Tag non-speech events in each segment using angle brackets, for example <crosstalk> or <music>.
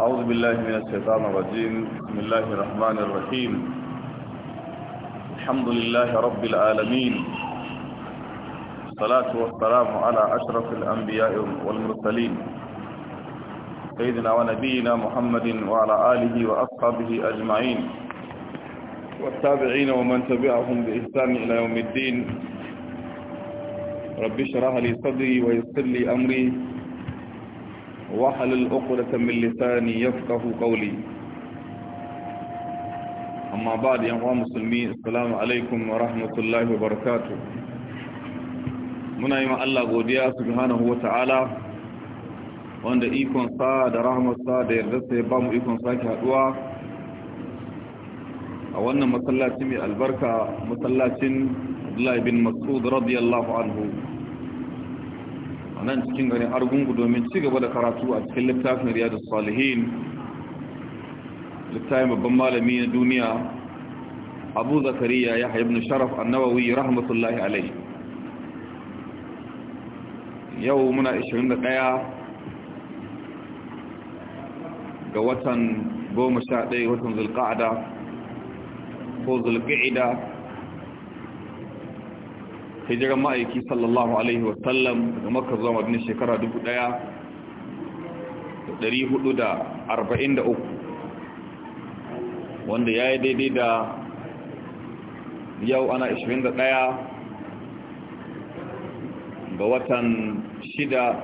أعوذ بالله من الشيطان الرجيم بسم الله الرحمن الرحيم الحمد لله رب العالمين الصلاة والسلام على أشرف الأنبياء والمرسلين سيدنا ونبينا محمد وعلى آله وأصحابه أجمعين والتابعين ومن تبعهم بإحسان إلى يوم الدين رب اشرح لي صدري ويسر لي أمري وحلل uku من لساني يفقه قولي أما بعد يا أخوان مسلمين السلام عليكم ورحمة الله وبركاته muna yi Allah godiya subhanahu ta'ala wanda sa da rahamarsa da sa ya ba mu ikon sake haduwa a wannan masallaci mai albarka masallacin Abdullahi bin Mas'ud radiyallahu anhu a nan cikin garin argungu domin ci gaba da karatu a cikin littafin riyadu salihin littafin babban malami na duniya abu zakariya ya haibin sharaf annawawi rahmatullahi alai yau muna 21 ga watan 11 watan zulka'ada ko zulka'ida hijiran ma'aiki sallallahu alaihi wasallam daga makka zuwa madina shekara 1443 wanda ya yi daidai da yau ana 21 ga watan 6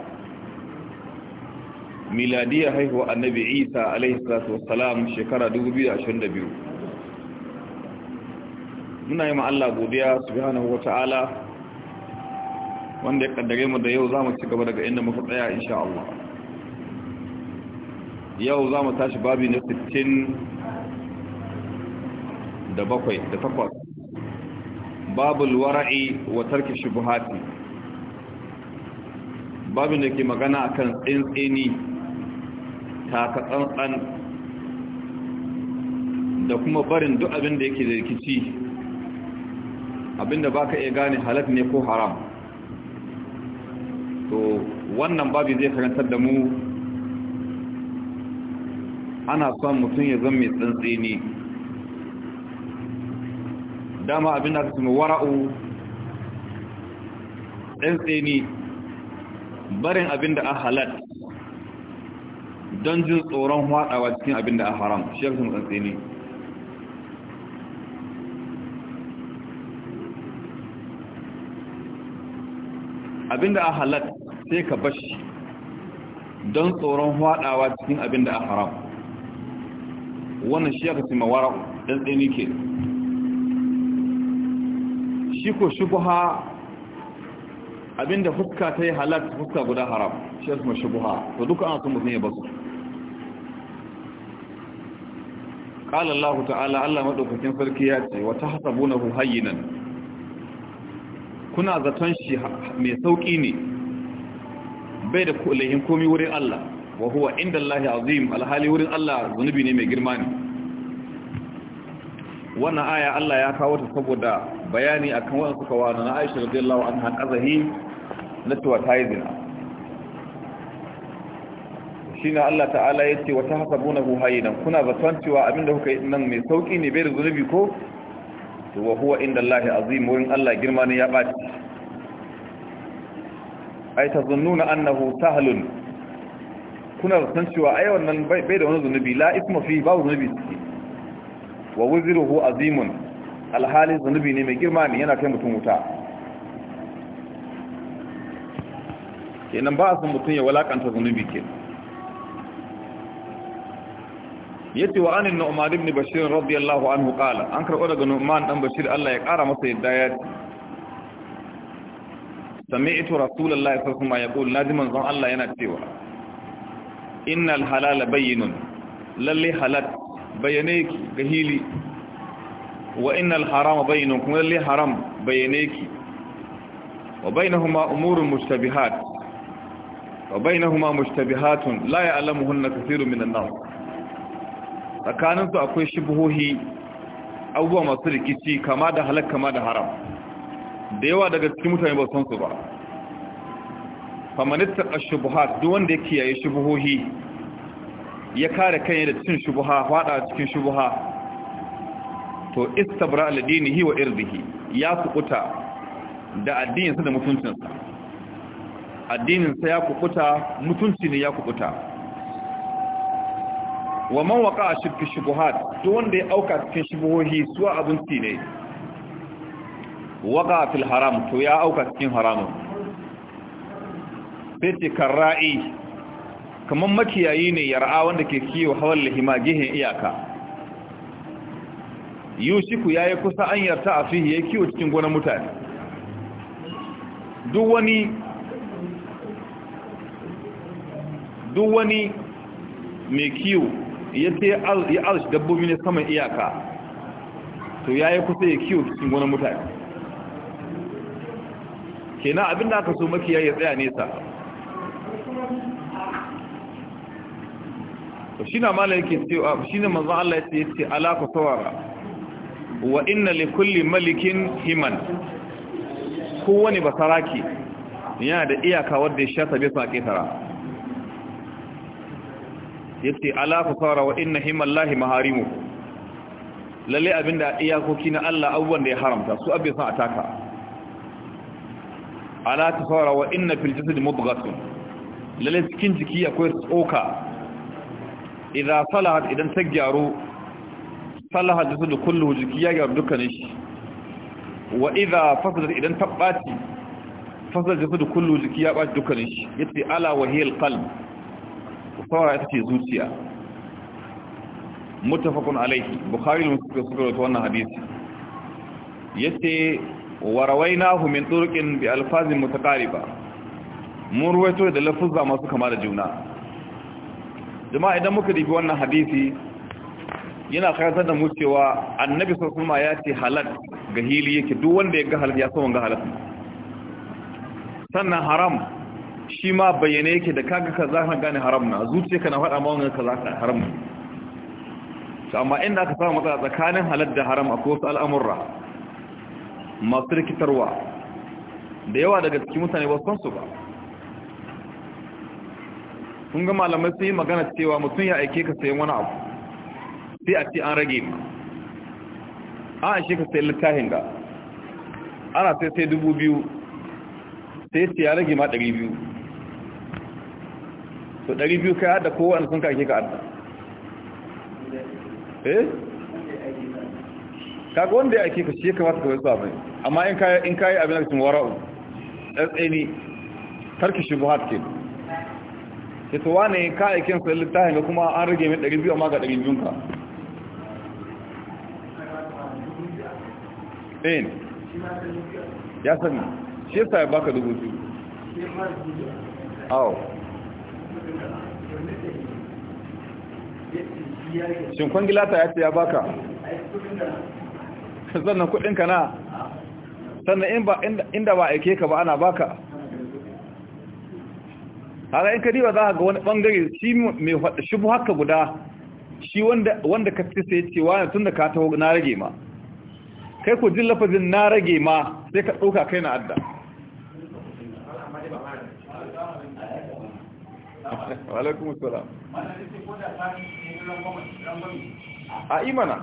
miladiyar haihuwa annabi isa alaihi salatu wasalam shekara 2022 muna yi ma'alla godiya subhanahu wa ta'ala wanda ya kaddare mu da yau za mu ci gaba daga inda muka tsaya insha Allah yau za mu tashi babi na 60 da bakwai da takwas babul wara'i wa tarki shubuhati babin da ke magana akan tsintsini taka tsantsan da kuma barin duk abin da yake da rikici abinda baka iya gane halak ne ko haram to wannan babi zai karantar da mu ana son mutum ya zama mai tsantsini dama abin da su wara'u tsantsini barin abin da a halat don jin tsoron hwadawa cikin abin da a haram shi ya mu tsantsini abin da a halat sai ka bashi don tsoron hwadawa cikin abin da a haram wannan shi aka cima wara ɗan ke shi ko shubuha abinda fuska ta yi halatta fuska guda haram shi ya cima shubuha to duka an sun mutum ya basu قال الله تعالى الله مدوكين sarki ya ce wa tahsabunahu hayyinan kuna zaton shi mai sauƙi ne bai da lahin komi wurin Allah wa huwa inda Allah azim alhali wurin Allah zunubi ne mai girma ne wannan aya Allah ya kawo ta saboda bayani akan wannan suka wa na Aisha radiyallahu anha qazahi na tuwa taizina shine Allah ta'ala yace wa tahsabunahu hayyinan kuna zaton cewa abinda kuka yi nan mai sauki ne bai da zunubi ko to wa huwa inda Allah azim wurin Allah girma ne ya baci ay tazunnuna annahu sahlun kuna san cewa ai wannan bai da wani zunubi la isma fi babu zunubi ciki wa wuzruhu azimun alhali zunubi ne mai girma ne yana kai mutum wuta kenan ba a san mutum ya walakanta zunubi Ya yace wa anin nu'man ibn bashir radiyallahu anhu qala an karbo daga nu'man dan bashir Allah ya kara masa yadda ya sami'tu rasulullahi sallallahu alaihi wasallam yaqul nadiman zan Allah yana cewa innal halala bayyinun lalle halal bayyane ki ga hili wa innal harama bayyinun kuma lalle haram bayyane ki wa bainahuma umurun mushtabihat wa bainahuma mushtabihatun la ya'lamuhunna kathirun minan nas tsakaninsu akwai shubuhohi abubuwa masu rikici kama da halal kama da haram da yawa daga cikin mutane ba san su ba famanista a shubuhat duk wanda ya kiyaye shubuhohi ya kare kan da cin shubuha fada cikin shubuha to istabra aladinihi wa irdihi ya kukuta da addininsa da mutuncinsa addininsa ya kukuta mutunci ne ya kukuta wa man waqa'a shirki shubuhat duk wanda ya auka cikin shubuhohi suwa abunci ne waka fil haram to ya auka cikin haramun sai ce karra'i kamar makiyayi ne yar'a wanda ke kiyo hawan lahima gihin iyaka yushiku ya yi kusa an yarta a fiye ya kiwo cikin gonar mutane duk wani mai kiwo ya ce ya arshi dabbobi ne saman iyaka to ya yi kusa ya kiwo cikin gonar mutane kenan abin da aka so makiya ya tsaya nesa shi na mala yake cewa shi ne manzan Allah ya ce ala ku saurara wa inna li kulli malikin himan kowane basaraki yana da iyaka wadda ya sha sabe su a ƙetara ya ce ala ku saurara wa inna himan lahi maharimu lalle abinda iyakoki na Allah abubuwan da ya haramta su abin sa a taka ala tafara wa inna fil jasad mudghatun lalai cikin jiki akwai tsoka idan salahat idan ta gyaru salaha jasad kullu jiki ya gyaru dukkanin shi wa idan fasadat idan ta baci kullu jiki ya ɓaci dukkanin shi yace ala wa hiya al qalb tafara ce zuciya muttafaqun alayhi bukhari suka wannan hadisi yace warawainahu min turqin bi alfazin mutaqariba mun ruwaito da lafuzza masu kama da juna jama'a idan muka dibi wannan hadisi yana kayatar da mu cewa annabi sallallahu alaihi wasallam ya ce halal ga hili yake duk wanda ya ga halal ya san ga halal sannan haram shi ma bayyane yake da kaga ka za ka gane haram na zuciya kana na ma wannan kaza ka haram amma inda aka samu matsala tsakanin halal da haram akwai wasu al'amurra masu rikitarwa da yawa daga cikin mutane ba sun su ba sun ga malamai sun yi magana cewa mutum ya aike ka sayan wani abu sai a ce an rage ma an aike ka sayan littafin ga ana sai sai dubu biyu sai sai ya rage ma ɗari biyu to ɗari biyu kai hada kowane sun ka aike ka adda eh kaga wanda ya ake ka shi kamata ka wasu abin amma in kayi in kayi abin cikin wara'u tsatseni tarki shubuhat ke ke to wane ka aikin sa littafin ga kuma an rage mai 200 amma ga 200 ka In eh, ya sani shi yasa ya baka dubu biyu awo shin ta ya ce ya baka sannan kudinka na sannan inda ba aike ka ba ana baka haka in ka diba za ga wani bangare shi mai faɗa shi bu haka guda shi wanda ka ce sai ce wani tun da ka taho na rage ma kai ku jin lafazin na rage ma sai ka ɗauka kai na adda a imana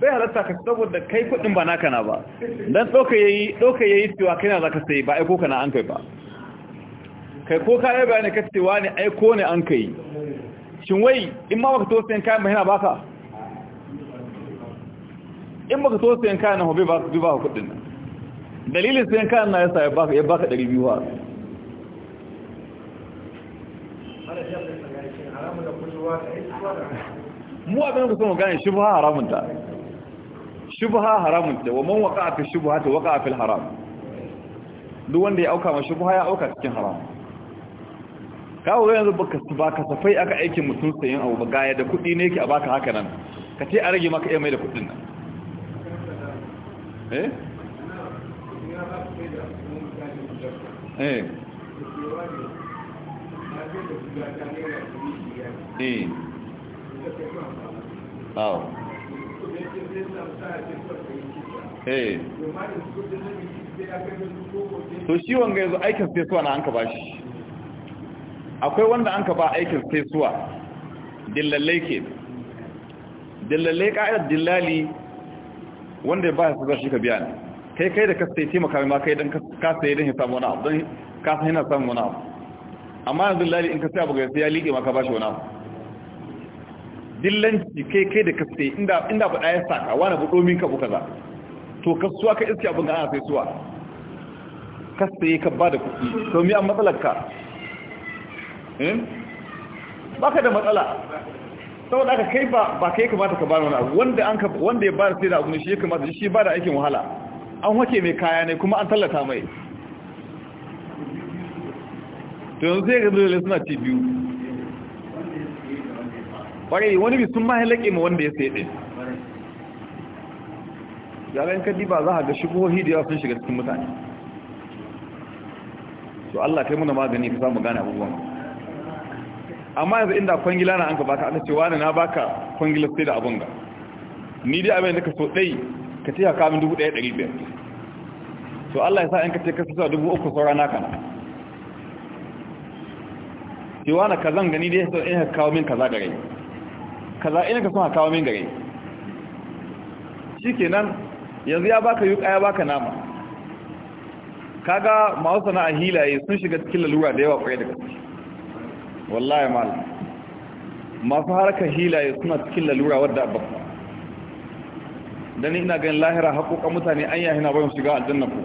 bai halatta ka saboda kai kudin ba naka na ba dan doka yayi doka yayi cewa kai na zaka sai ba aiko kana an kai ba kai ko kai bayani ka cewa ne aiko ne an kai shin wai in ma baka to sayan kayan ba ka baka in baka to sayan kayan na hobe ba ka ba kudin nan dalilin sayan kayan na yasa ya baka ya baka 200 ha mu abin da kuma gane shi ba haramun ta shubha haramun da wa man waqa'a fi shubhati waqa'a fil haram duk wanda ya auka ma shubha ya auka cikin haram kawo yanzu baka ba ka safai aka aikin mutum sayan abu ga gaya da kuɗi ne yake a baka haka nan ka ce a rage maka iya mai da kudin nan eh eh eh awo Eh. to shi wanga yanzu aikin fesuwa na an ka bashi akwai wanda an ka ba aikin fesuwa dillalai ke dillalai ka'ayar dillali wanda ba su zai shi ka biya ne kai kai da ka sai taimaka ma kai don ka sai don ya samu wani abu don ka sai yana samun wani abu amma yanzu dillali in ka sai abu ga sai ya liƙe maka shi wani abu dillanci kai kai da kaste inda inda faɗa ya saka wani buɗo ka buka za to kasuwa ka iske abin ana sai suwa kaste ka ba da kuɗi to mi an matsalar ka eh? baka da matsala saboda aka kai ba ba kai kamata ka bani wani wanda an ka wanda ya bada sai da abu ne shi ya kamata shi da aikin wahala an wace mai kaya ne kuma an tallata mai to yanzu sai ga dole suna ci biyu ƙwarai wani bi sun mahalaƙe ma wanda ya sai ɗin jami'in kadi ba za a ga shigo da ya sun shiga cikin mutane to Allah kai muna magani ka samu gane abubuwan amma yanzu inda kwangila na an ka baka ana cewa wani na baka kwangila sai da abun ga ni dai abin da ka so ɗai ka ce ka min dubu ɗaya ɗari biyar to Allah ya sa in ka ce ka sa dubu uku saura na na cewa na kazan gani dai in ka kawo min kaza gare kaza ina ka son kawo min gare kenan yanzu ya baka yuka ya baka nama kaga masu sana'a hilaye sun shiga cikin lalura da yawa kwaye da gaske wallahi mal masu harkar hilaye suna cikin lalura wadda bakwa don ina ganin lahira haƙoƙa mutane an yahi na bayan shiga aljanna ko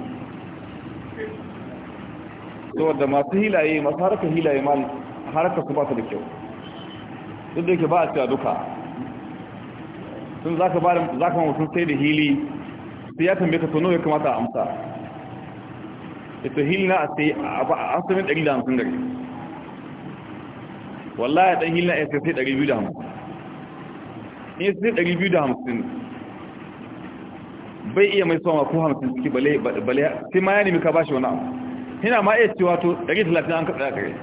saboda masu hilaye masu harkar hilaye mal harkar su ba su da kyau duk da yake ba a cewa duka sun za ka ba mutum sai da hili sai ya tambaye ka tono ya kamata a amsa ita hili na a sai a asamin 150 gari wallah ya ɗan hili na ya sai 250 in sai 250 bai iya mai soma ko 50 ciki bale sai ma ya nemi ka ba shi wani abu hina ma iya cewa to 130 an kaɗa gari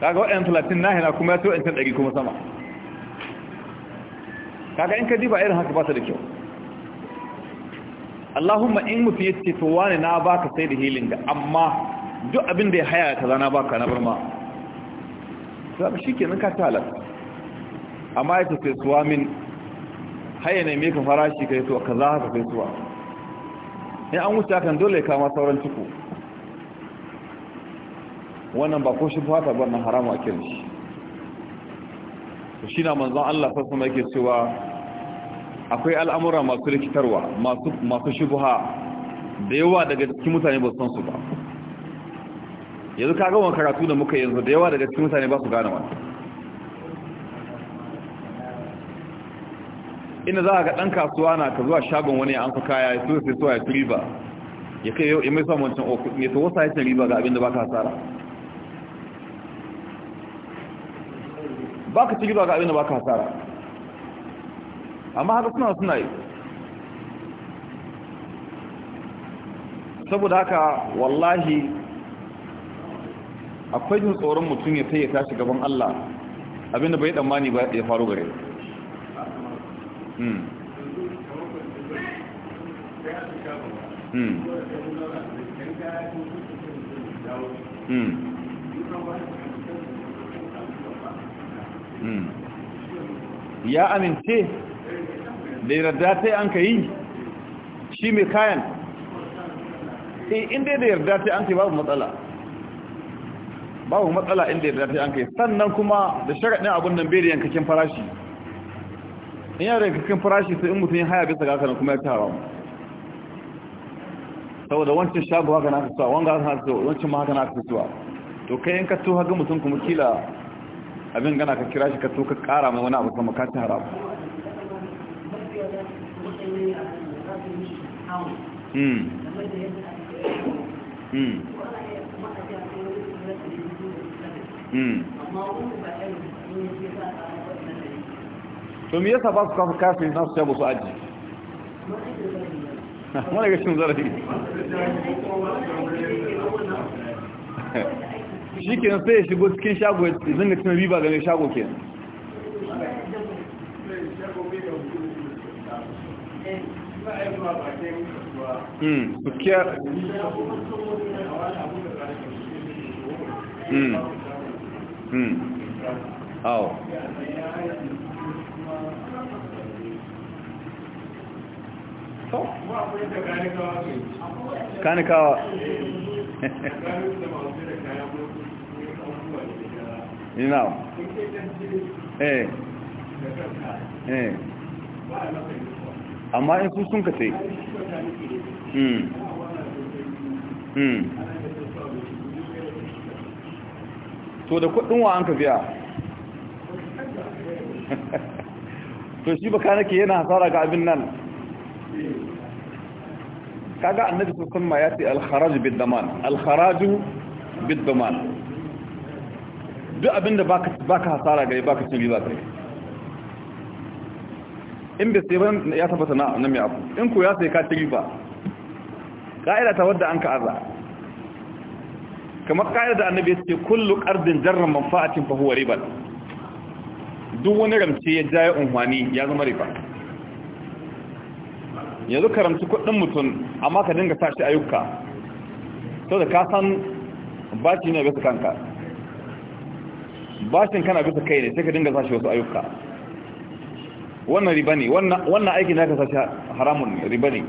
kaga wa'yan talatin na hina kuma ya ce wa'yan ɗari kuma sama kaga in ka diba irin haka ba ta da kyau Allahumma in mutu ya ce to wane na baka sai da hilin amma duk abin da ya haya kaza na baka na za sabu shi nan ka talar amma ya ce sai suwa min haya ne mai ka farashi ka yi to kaza haka sai suwa in an wuce hakan dole ya kama sauran ciku wannan ba ko shi ta bar na haramu a kiran shi to shi na manzon Allah fa kuma yake cewa akwai al'amura masu rikitarwa masu masu shubha da yawa daga cikin mutane ba san su ba yanzu ka ga wannan karatu da muka yanzu da yawa daga cikin mutane ba su gane wannan ina za a ga ɗan kasuwa na ka zuwa shagon wani an fi kaya ya so sai so ya fi riba ya kai yau imai samun cin o kuɗi ne to wasa ya riba ga abin da ba ka hasara ba ka ci riba ga abin ba ka hasara amma haka suna suna yi saboda haka wallahi akwai jin tsoron mutum ya sai ya tashi gaban Allah abinda bai damani ba ya faru gare Hmm. hmm. hmm. Mm. ya amince da yarda ta an ka yi shi mai kayan eh, inda da yarda ta an ka yi babu matsala babu matsala inda yarda ta an ka yi sannan kuma da sharaɗin abin nan bai da yankakin farashi in da yankakin farashi sai in mutum ya haya bisa gasa kuma ya tara mu saboda wancan shago haka na kasuwa wanga haka na kasuwa wancan ma haka na kasuwa to kai in ka to haka mutum kuma kila abin gana ka kira shi ka so ka kara ma wani abu kuma ka ci haram hmm. hmm. hmm. to me yasa ba su kafa kafin nasu ya su aji <laughs> wani gashin zarafi <laughs> shi ke kenan sai ya shigo cikin shago zan zanga cikin riba ga mai shago ke kenan hmm, hmm, hmm. kanikawa <laughs> na'am eh eh amma in su sun ka sai hmm hmm to da kudin wa an ka biya <laughs> to shi baka nake yana hasara ga abin nan kaga annabi sallallahu alaihi wasallam ya ce al-kharaj bid-daman al-kharaj bid-daman duk abinda baka hasara gare baka cin riba gare in bai sai ban ya tabbata na nan mai abu in ko ya sai ka cin riba ka'ida ta wadda an ka kamar ka'ida da annabi ya ce kullu qardin jarra manfa'atin fa huwa riba duk wani ramce ya jaye unhwani ya zama riba yanzu ka ramci kuɗin mutum amma ka dinga sa shi ayyuka sau da ka san baci ne bisa kanka bashin kana bisa kai ne sai ka dinga sashi wasu ayyuka wannan riba ne wannan aikin da ka sashi haramun riba ne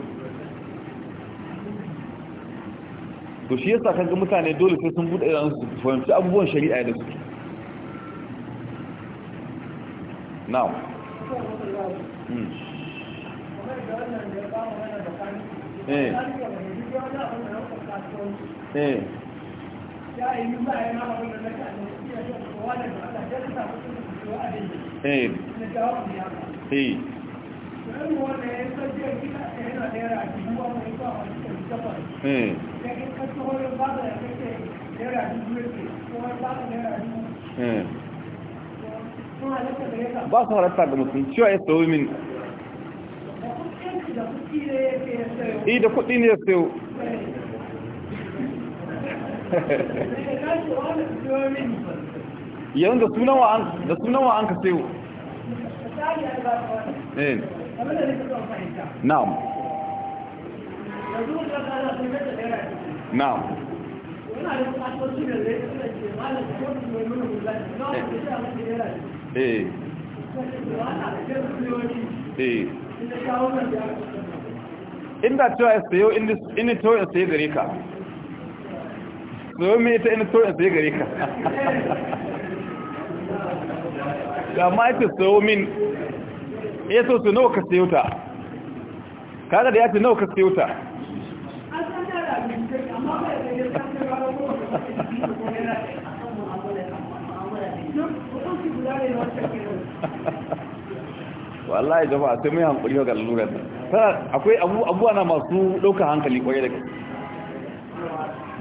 to shi yasa kaga mutane dole sai sun bude idan su fahimci abubuwan shari'a da su now hmm. eh, eh. Eh. Eh. eh eh ba su halatta ga mutum cewa ya sayo min eh, da kuɗi ne ya sayo <laughs> yanzu da sunan wa'an da ka sayo eh na'am na'am eh eh, eh. inda cewa ya sayo inda to ya sayo gare ka domin ta ina tsohon in sai gare ka amma ita ce min ya so su nawa ka sayo ta kada da ya ce nawa ka sayo ta wallahi jama'a sai mai hankali ga lalurar akwai abubuwa na masu ɗaukar hankali kwaye da kai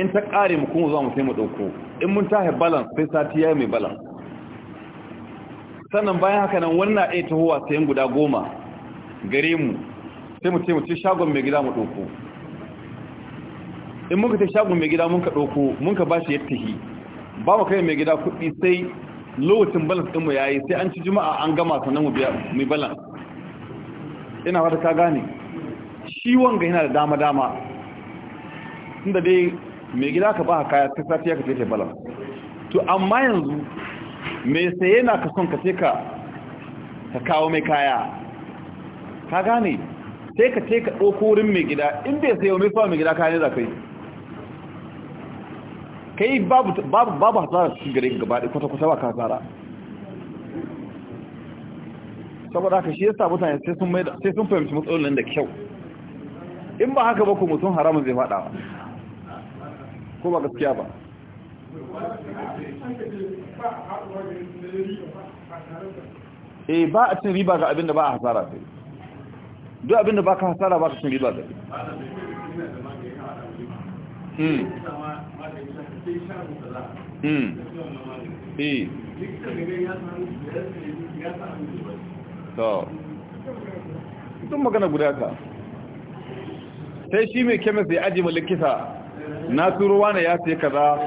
in ta ƙare mu kuma zuwa mu sai mu ɗauko in mun tahe balan sai sati ya yi mai balan. sannan bayan haka nan wannan ɗaya tahowa sayan guda goma gare mu sai mu ce mu ce shagon mai gida mu ɗauko in muka ta shagon mai gida mun ka ɗauko mun ka ba shi yadda hi ba mu kai mai gida kuɗi sai lokacin balance ɗinmu ya yi sai an ci juma'a an gama sannan mu biya mai balan. ina wata ka gane shi wanga yana da dama-dama inda dai mai gida ka ba kaya ta safiya ka ce balan to amma yanzu me sai yana ka son ka ce ka kawo mai kaya ka gane sai ka ce ka ɗauko wurin mai gida inda ya sayo mai fawa mai gida kayan ne ka kai, ka yi babu hasara su gare gaba da kwata-kwata ba ka hasara saboda haka shi yasa mutane sai sun fahimci matsalolin da kyau in ba haka ba ku mutum haramun zai faɗawa ko ba gaskiya ba e ba a cin riba ga abin da ba a hasara sai duk abin da ba ka hasara ba ka cin riba ga ɗin hmm. hmm. eh. magana guda ka sai shi mai kemis ya aji likita. na turo na ya ce kaza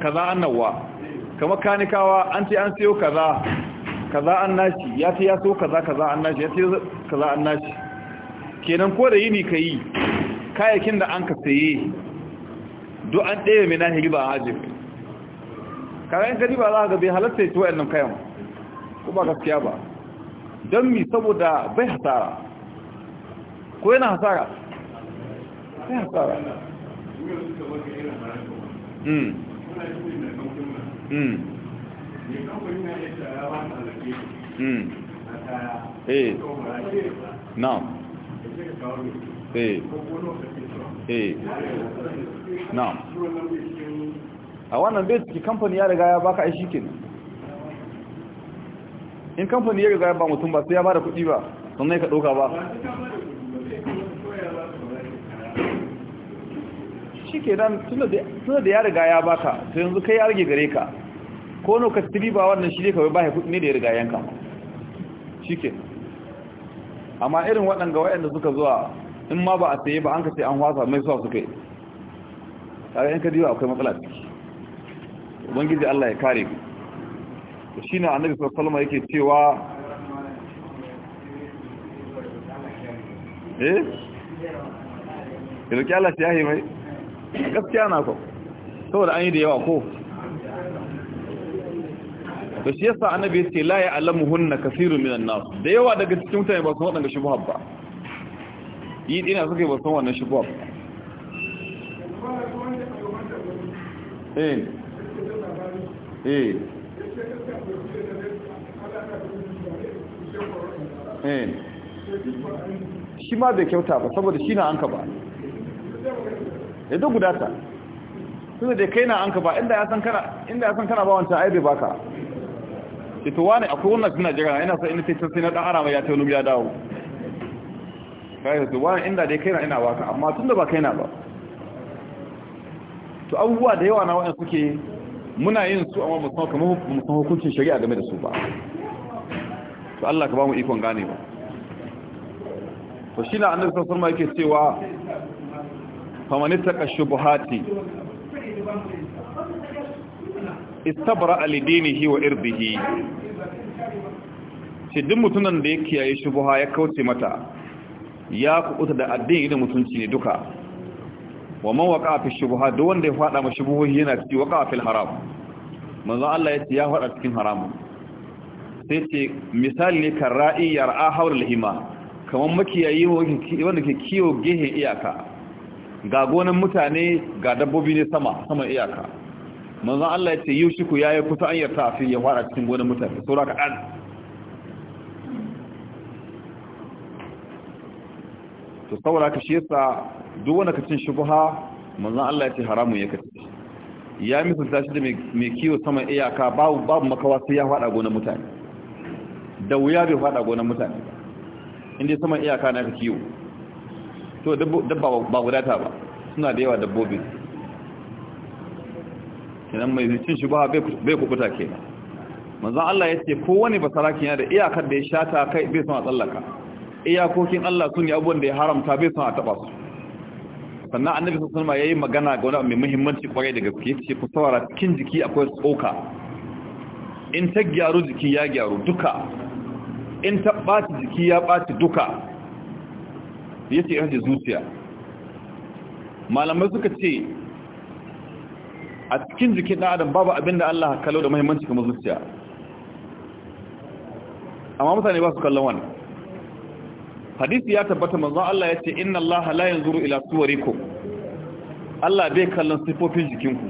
kaza annawa kamar kanikawa an ce an siyo kaza kaza an nashi ya ce ya so kaza kaza an nashi ya ce kaza an nashi kenan ko da yini ka yi kayakin da an ka saye duk an ɗaya mai nahi riba a hajji kayan ka za a gabe halatta ya ci wa'annan kayan ko ba gaskiya ba don mi saboda bai hasara ko yana hasara bai hasara A wannan bai ciki kamfani ya riga ya baka ai shikenan. In kamfani ya riga ya ba mutum ba sai ya bada kuɗi ba, sannan ka ɗauka ba. shi ke nan suna da ya riga ya baka ta yanzu kai ya rage gare ka ko nuka ka tiri ba wannan shi ne kawai baya kudi ne da ya riga yanka shi ke amma irin waɗanga waɗanda suka zuwa in ma ba a saye ba an ka sai an wasa mai suwa suka yi tare yanka diwa akwai matsala ciki ubangiji Allah ya kare ku shi na annabi sallama yake cewa eh? Iroki Allah ya yi mai? gaskiya na so saboda an yi da yawa ko da shi yasa annabi ya ce la ya alamu hunna kasiru minan nas da yawa daga cikin mutane ba su wadanda buhab ba yi dina suke ba san wannan buhab eh eh eh shi ma bai kyauta ba saboda shi na an ka ba ya duk gudata tunda da kai na an ka ba inda ya san kana inda ya san kana ba wancan aibe baka shi to wani akwai wannan suna jira ina sa ina sai sai na dan arama ya ta ya dawo kai to wani inda dai kai na ina baka amma tun da ba kai na ba to abubuwa da yawa na wani suke muna yin su amma musamman kamar musamman hukuncin shari'a game da su ba to Allah ka ba mu ikon gane ba to shi na annabi sallallahu alaihi wasallam yake cewa faman taka shubuhati istabra alidinihi wa irdihi ce duk mutunan da ya kiyaye shubuha ya kauce mata ya kukuta da addini da mutunci ne duka wa man waqa fi shubuha duk wanda ya fada ma shubuhohi yana ci waqa fil haram manzo Allah ya ce ya fada cikin haramun sai ce misali ne kan ra'i yar'a hawla al-hima kaman makiyayi wanda ke kiwo gehen iyaka ga gonan mutane ga dabbobi ne sama sama iyaka manzon Allah ya ce yushiku yayi kusa an yarta afi ya fara cikin gonan mutane saura ka an to saboda ka shi yasa duk wanda kacin shubha manzon Allah ya ce haramun ya kace ya misalta shi da mai kiwo sama iyaka babu babu makawa sai ya fada gonan mutane da wuya bai fada gonan mutane ba inda sama iyaka na ka kiwo to dabba ba gudata ba suna da yawa dabbobi kenan mai cin shi ba bai kukuta ke manzan Allah ya ce kowane basarakin yana da iyakar da ya shata kai bai son a tsallaka iyakokin Allah sun yi abubuwan da ya haramta bai son a taba su sannan annabi sun ya yi magana ga wani mai muhimmanci kwarai da gaske ce ku saurara cikin jiki akwai tsoka in ta gyaru jiki ya gyaru duka in ta ɓaci jiki ya ɓaci duka ce ihdi zuciya malamai suka ce a cikin jikin ɗan adam babu abin da Allah kallo da mahimmanci kama zuciya amma mutane ba su kallon wani hadisi ya tabbata manzan Allah ya ce inna Allah halayen zuru ila ku Allah bai kallon sifofin jikinku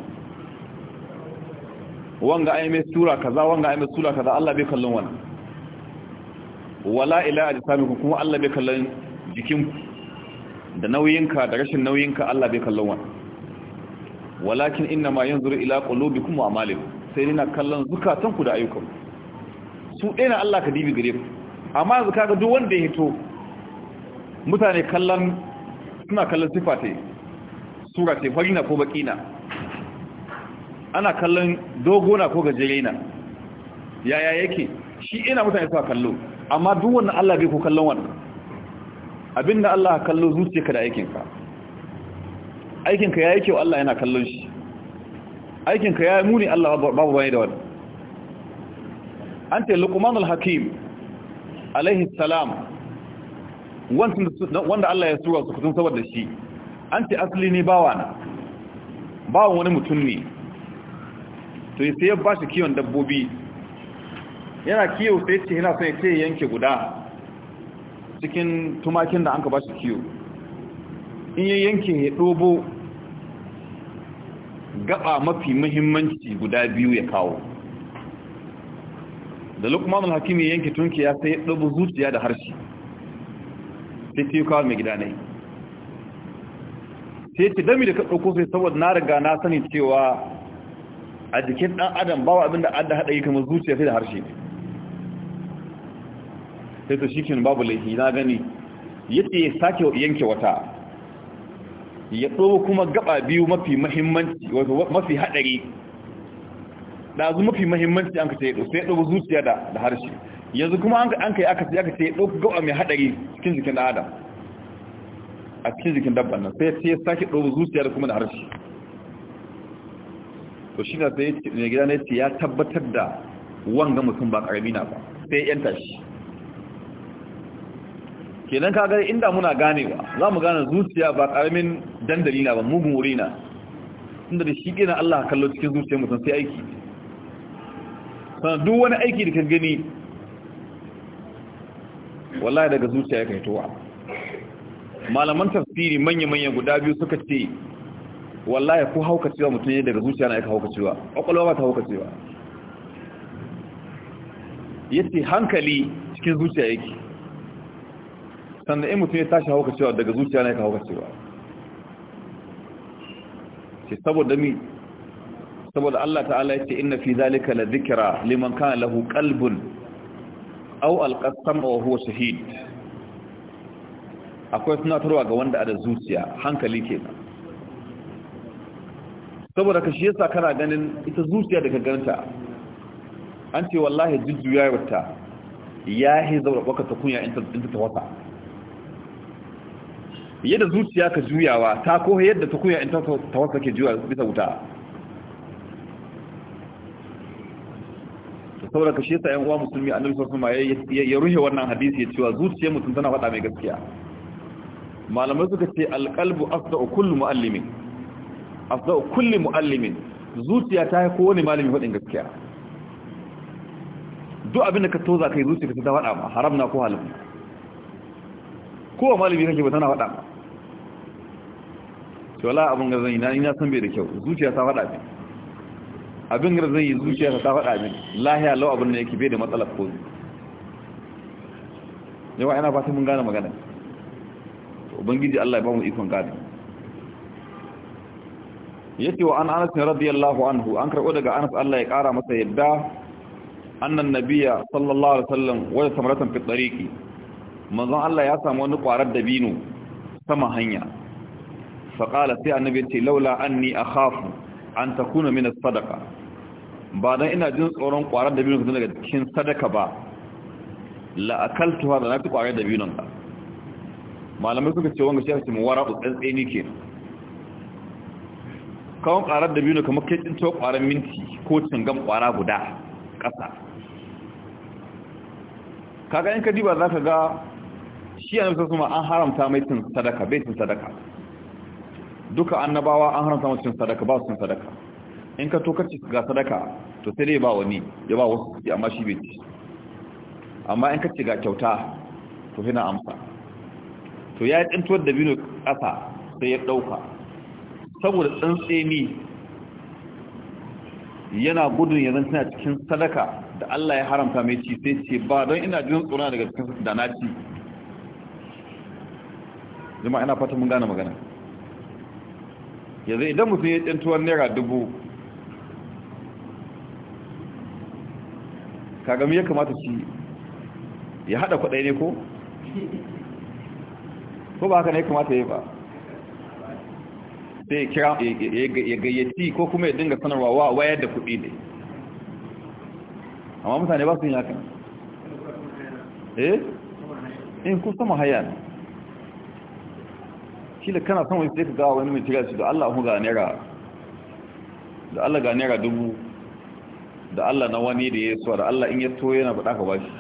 wanga ai mai sura kaza wanga ai mai sura kaza Allah bai kallon wani wala ila ajsamikum kuma Allah bai kallon jikinku da nauyinka da rashin nauyinka Allah bai kallon wani walakin inna ma yanzuru ila qulubikum wa amalikum sai dai na kallon zukatanku da ayyukanku su ɗaya na Allah ka dibi gare ku amma yanzu kaga duk wanda ya hito mutane kallon suna kallon sifa ta sura ce farina ko bakina ana kallon dogo na ko gajere na yaya yake shi ina mutane suna kallo amma duk wannan Allah bai ko kallon wannan abinda Allah kallo ka da aikinka aikinka yayi kyau Allah yana kallon shi aikinka yayi muni Allah babu bane da wani An luqman al-hakim alaihi salam wanda Allah ya sura su kusan saboda shi ce asli ne bawana bawon wani mutum ne to sai ya bashi kiwon dabbobi yana kiyo sai ce yana son ya ce yanke guda cikin tumakin da an ka ba shi kiyo in yi yankin ya ɗobo gaba mafi muhimmanci guda biyu ya kawo da lukmanul hakim ya yanke tunki ya sai ya ɗobo zuciya da harshe sai ta yi kawo mai gida nai sai ce dami da ka sai saboda na riga na sani cewa a jikin ɗan adam bawa abinda an da haɗa yi kamar zuciya sai da harshe ne sai to shikin babu laifi na gani yace ya sake yanke wata ya tsoro kuma gaba biyu mafi mahimmanci wato mafi hadari Ɗazu mafi mahimmanci an ka ce sai ya dogo zuciya da da harshe yanzu kuma an an kai aka aka ce ya dogo gaba mai hadari cikin jikin adam a cikin jikin dabban nan sai ya sake dogo zuciya da kuma da harshe to shi na sai ne gida ne ya tabbatar da wanga mutum ba ƙarami na ba sai ya yanta shi kenan ka gani inda muna ganewa za mu gane zuciya ba karamin dandali na ba mugun wuri na inda da shi gina Allah kallo cikin zuciya mutum sai aiki sannan duk wani aiki da ka gani wallahi daga zuciya ya kaitowa malaman tafsiri manya-manya guda biyu suka ce wallahi ko haukacewa mutum ne daga zuciya na aika haukacewa ƙwaƙwalwa ba ta haukacewa yace hankali cikin zuciya yake sannan in mutum ya tashi hauka cewa daga zuciya na ka hauka cewa ce saboda mi saboda Allah ta'ala yace inna fi zalika la zikira liman kana lahu qalbun aw alqasam wa huwa shahid akwai suna tunatarwa ga wanda a da zuciya hankali ke kenan saboda ka shi yasa kana ganin ita zuciya da ka ganta an ce wallahi jujjuya wata yi zaura baka ta kunya in ta tawata yadda zuciya ka juyawa ta ko yadda ta kuya in ta tawassa ke juya bisa wuta saboda ka shi sa yan uwa musulmi annabi sallallahu alaihi wasallam ya ruhe wannan hadisi ya cewa zuciyar mutum tana faɗa mai gaskiya malamai suka ce alƙalbu asda'u kullu muallimin asda'u kulli muallimin zuciya ta ko wani malami faɗin gaskiya duk abin da ka toza kai zuciya ka ta faɗa ma haram na ko halin kowa malami kake ba tana faɗa ma to wala abin ga zan yi na ina san bai da kyau zuciya ta faɗa min abin ga zan yi zuciya ta faɗa min lahiya lau abin da yake bai da matsala ko yawa ina fatan mun gane magana to ubangiji Allah ya ba mu ikon gane yace wa an Anas radiyallahu anhu an karɓo daga Anas Allah ya ƙara masa yadda annan nabiya sallallahu alaihi wasallam wa samratan fi tariqi manzon Allah ya samu wani kwarar dabino sama hanya faƙala sai annabi ce laula anni akhafu an takuna min as-sadaqa ba dan ina jin tsoron ƙwarar da binon daga cikin sadaka ba la da na fi ƙwarar da binon ba malamai suka ce wanga shi mu wara utsantseni ke kawon ƙwarar da binon kamar kai tsinto ƙwarar minti ko cingam ƙwara guda ƙasa kaga in ka diba za ka ga shi a nufisa suma an haramta mai cin sadaka bai cin sadaka duka annabawa an haramta musu cin sadaka ba su cin sadaka in ka to kace ga sadaka to sai dai ba wani ya ba wasu ci amma shi bai ci amma in ka ce ga kyauta to hina amsa to ya tsintuwar da bino ƙasa sai ya ɗauka saboda tsantseni yana gudun ya zan tana cikin sadaka da Allah ya haramta mai ci sai ce ba don ina jin tsoron daga cikin da na ci jama'a ina fata mun gane magana yanzu idan mutum ya tsintuwar naira dubu kagami ya kamata shi ya hada kudai ne ko? ko ba haka ne kamata ya ba sai ya gayyaci ko kuma ya dinga sanarwa wa wayar da kudi ne amma mutane ba su yi hakan eh in kusa mahaya ne da kana son wani sai ka gawa wani mai cira shi da Allah ahu ga naira da Allah ga naira dubu da Allah na wani da ya yi da Allah in ya to yana faɗa ka bashi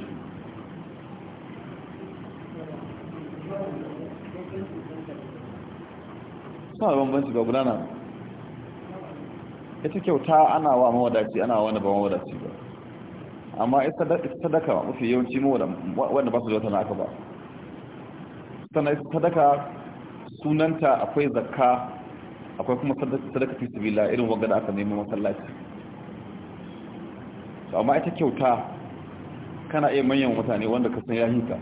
suna bambanci ga gudana ita kyauta ana wa mawadaci ana wani ba mawadaci ba amma ita sadaka mafi yawanci wanda ba su da wata na aka ba sannan ita sadaka sunanta akwai zakka akwai kuma sadaka fi sabila irin wanda da aka nemi masallaci to amma ita kyauta kana iya manyan mutane wanda ka san yahi ka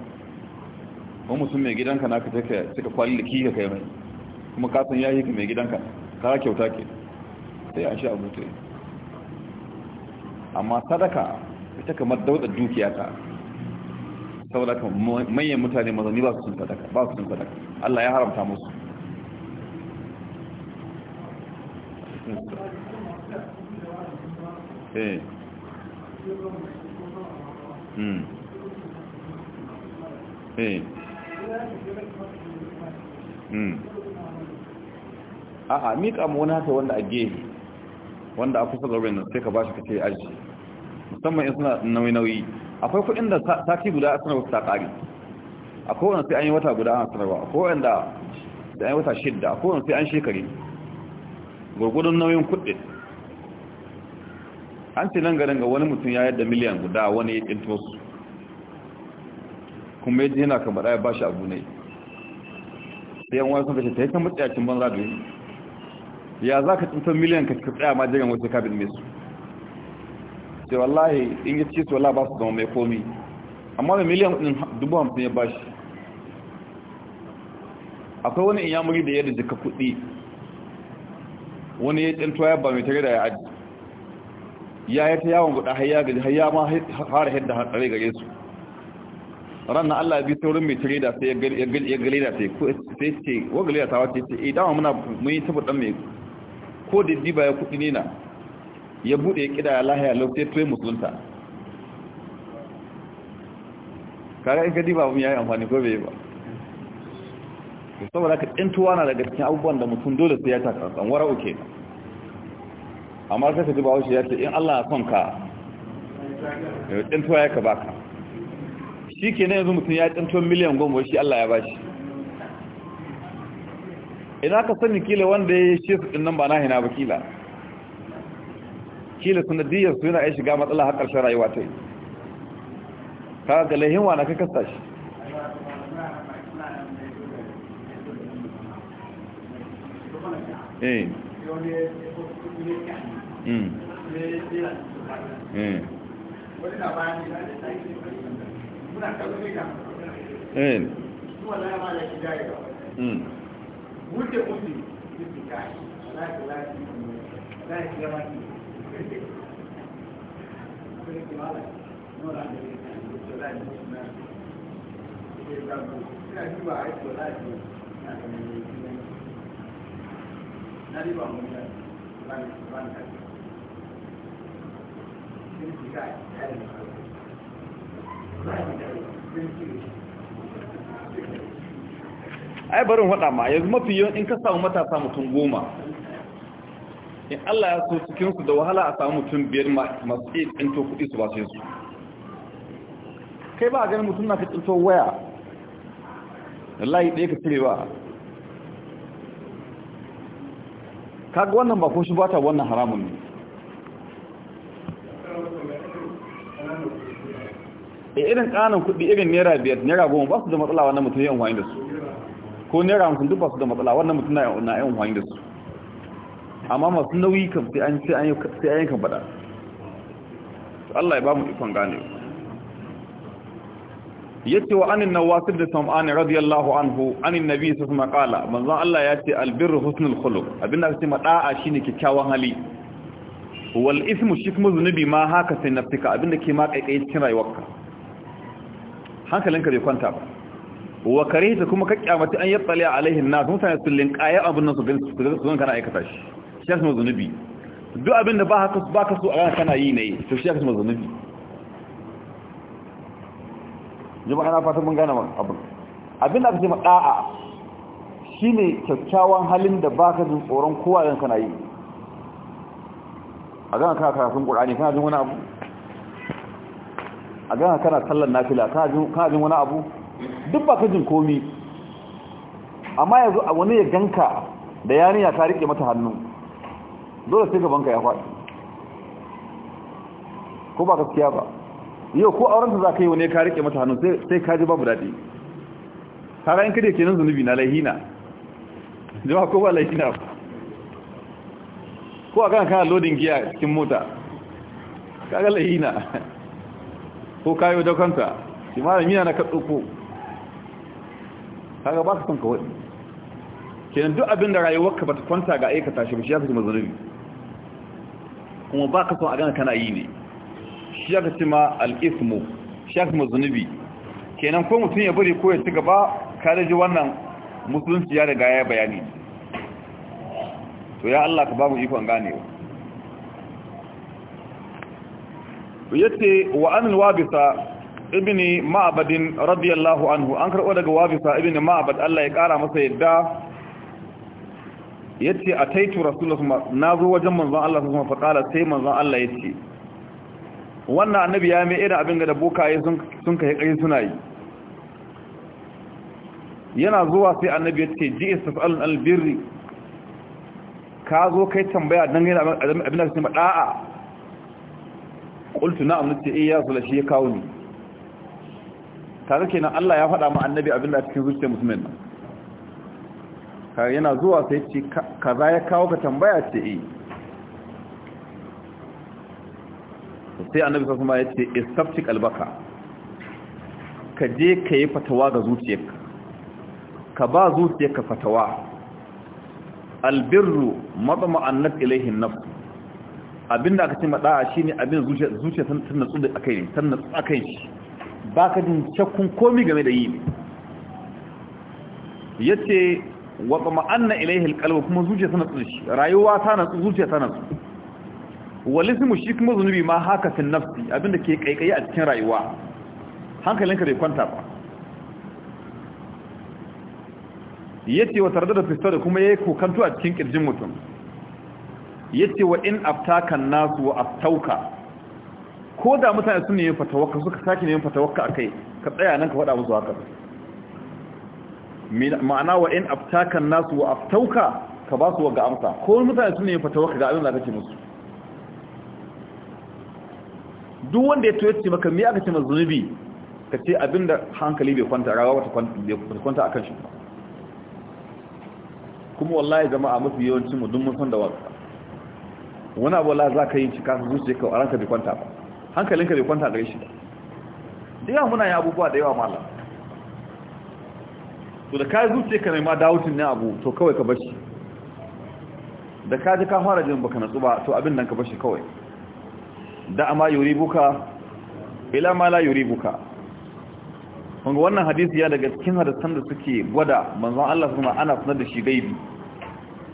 ko mutum mai gidanka na ka take suka kwali da kika kai mai kuma ka san yahi ka mai gidanka ka kyauta ke sai an sha abu to amma sadaka ita kamar daudar dukiya ta saboda kan manyan mutane mazauni ba su cin sadaka ba su cin sadaka Allah ya haramta musu eh, hmm. eh. Hmm. a miƙa mika mu wani haka wanda a gehe wanda a kusa da wurin sai ka bashi ka ce aji musamman in suna nauyi-nauyi akwai kuɗin da sati guda a sanarwa ta ƙari a kowane sai an yi wata guda a sanarwa a kowane da an yi wata shidda a kowane sai an shekari gurgudun nauyin kudin an ce nan garin ga wani mutum ya yadda miliyan guda wani ya kinto su kuma yadda yana kamar ya ba shi abu ne sai yan wani sun kashe ta yi kan matsayacin banza da ya za ka tsintar miliyan ka tsaya ma jirgin wata kabin mai su ce wallahi in ya ce wallahi ba su zama mai komi amma da miliyan ɗin dubu hamsin ya bashi akwai wani inyamuri da yadda jika kuɗi wani ya ɗantuwa ya ba mai tare da ya aji ya yi ta yawon guda hayya gaji hayya ma fara hidda hatsari gare su ranar allah bi saurin mai tare da sai ya gale da sai ko sai ce wa gale da ta wace ce idan eh, muna mun yi tabbatar mai ko da diba ya kuɗi ne na ya bude ya kida lahiya lauce tuwe musulunta kare in gadi ba mu yayi amfani ko bai ba saboda ka tsintuwa na daga cikin abubuwan da mutum dole sai ya taka san wara uke amma sai ka diba wasu ya ce in Allah ya son ka Ya tsintuwa ya ka baka shi ke na yanzu mutum ya tsintuwa miliyan goma shi Allah ya bashi ina ka sani kila wanda ya yi shi su ɗin nan ba na hina ba kila kila sanadiyar su yana ya shiga matsala har ƙarshen rayuwa ta yi kaga ga laihin wa na ka kasta shi eh wuce wuce ai barin waɗa ma yanzu mafi yawan in ka samu matasa mutum goma in Allah ya so cikinsu da wahala a samu mutum biyar masu iya tsinto kuɗi su ba su kai ba a ganin mutum na fi tsinto waya da layi ɗaya ka cire ba kaga wannan ba ko shi ba ta wannan haramun ne e irin ƙanan kuɗi irin naira biyar naira goma ba su da matsala wannan mutum ya yi da su ko naira hamsin duk ba su da matsala wannan mutum na yan da su amma masu nauyi kan sai an yi an kan faɗa Allah ya ba mu ikon gane Ya ce wa anin nawasib da sam'ani radiyallahu anhu anin nabi sallallahu alaihi wasallam manzon Allah ya ce albirru husnul khuluq abinda ake maɗa'a da'a shine kyakkyawan hali wal ismu kuma zunubi ma haka sai nafsika abinda ke ma kaikai cikin rayuwarka hankalinka bai kwanta ba wa ta kuma ka kyamata an yatsali alaihin nas mutane su linƙaya abin nan su gan su gan kana aikata shi shi kuma zunubi duk abin da ba ka so a ranar kana yi ne to shi kuma zunubi jama'a na fatan mun gane abin abin da aka ce ma da'a shine kyakkyawan halin da ba ka jin tsoron kowa yan kana yi a gana kana karatun ƙur'ani kana jin wani abu a gana kana sallan nafila kana jin wani abu duk ba ka jin komi amma yanzu a wani ya ganka da yaniya ta riƙe mata hannu dole sai gabanka ya faɗi ko ba gaskiya ba yau ko auren ta za ka yi wani ka rike mata hannu sai ka ji babu daɗi kaga in kaje kenan zunubi na laihina jama'a ko ba laihina ba ko a kan kana lodin giya cikin mota kaga laihina ko kayo daukanta shi ma da mina na ka tsoko kaga ba ka son ka wani kenan duk abin da ka bata kwanta ga aikata shi ba shi ya kace zunubi kuma ba ka son a gana kana yi ne shi ya kace ma al-ismu shi ya kace mazunubi kenan ko mutum ya bari ko ya ci gaba ka ji wannan musulunci ya riga ya bayani to ya Allah ka ba mu ikon ganewa yace wa an wabisa ibni ma'badin radiyallahu anhu an karbo daga wabisa ibni ma'bad Allah ya kara masa yadda yace ataitu rasulullahi nazo wajen manzon Allah sallallahu alaihi wasallam sai manzon Allah yace wannan annabi ya mai irin abin da bokaye sun sun kai kai suna yi yana zuwa sai annabi yace ji al birri ka zo kai tambaya dangane da abin da ma da'a qultu na'am nace eh ya shi ya kawo ni tare kenan Allah ya faɗa ma annabi abin da cikin zuciya musulmin yana zuwa sai ce kaza ya kawo ka tambaya ce e sai annabi sallallahu alaihi ya ce istaftik albaka ka je ka yi fatawa ga zuciyarka ka ba zuciyarka fatawa albirru madama annab ilaihin Abin abinda aka ce shi shine abin zuciya ta natsu da yi ne ta natsu yi shi ka din shakkun komi game da yi ne. Ya ce. wata ma'anna ilaihi alƙalwa kuma zuciya tana tsu shi rayuwa ta natsu zuciya ta natsu walismu shi kuma zunubi ma haka fin nafsi abinda ke kaikayi a cikin rayuwa hankalinka bai kwanta ba yace wa tarda da fista kuma yayi kokanto a cikin kirjin mutum yace wa in aftaka nasu wa aftauka ko da mutane sun yi fatawakka suka sake yin fatawakka akai ka tsaya nan ka faɗa musu haka ma'ana wa in aftakan nasu wa aftauka ka ba su ga amsa ko mutane sun ne fatawa ga abin da kake musu duk wanda ya toyace maka me aka ce mazunubi ka ce abin da hankali bai kwanta rawa wata kwanta akan shi kuma wallahi jama'a mafi yawancin mu dun mun san da wasu wani abu la za ka yi cika su zuciya ka ranka bai kwanta ba hankalinka bai kwanta gare shi ba da muna yi abubuwa da yawa malam to da ka zuce ka mai ma dawutin ne abu to kawai ka bashi da ka ji ka fara jin baka natsu ba to abin nan ka bashi kawai da amma yuri buka ila ma la yuri buka ga wannan hadisi ya daga cikin hadisan da suke gwada manzon Allah kuma ana sanar da shi gaibi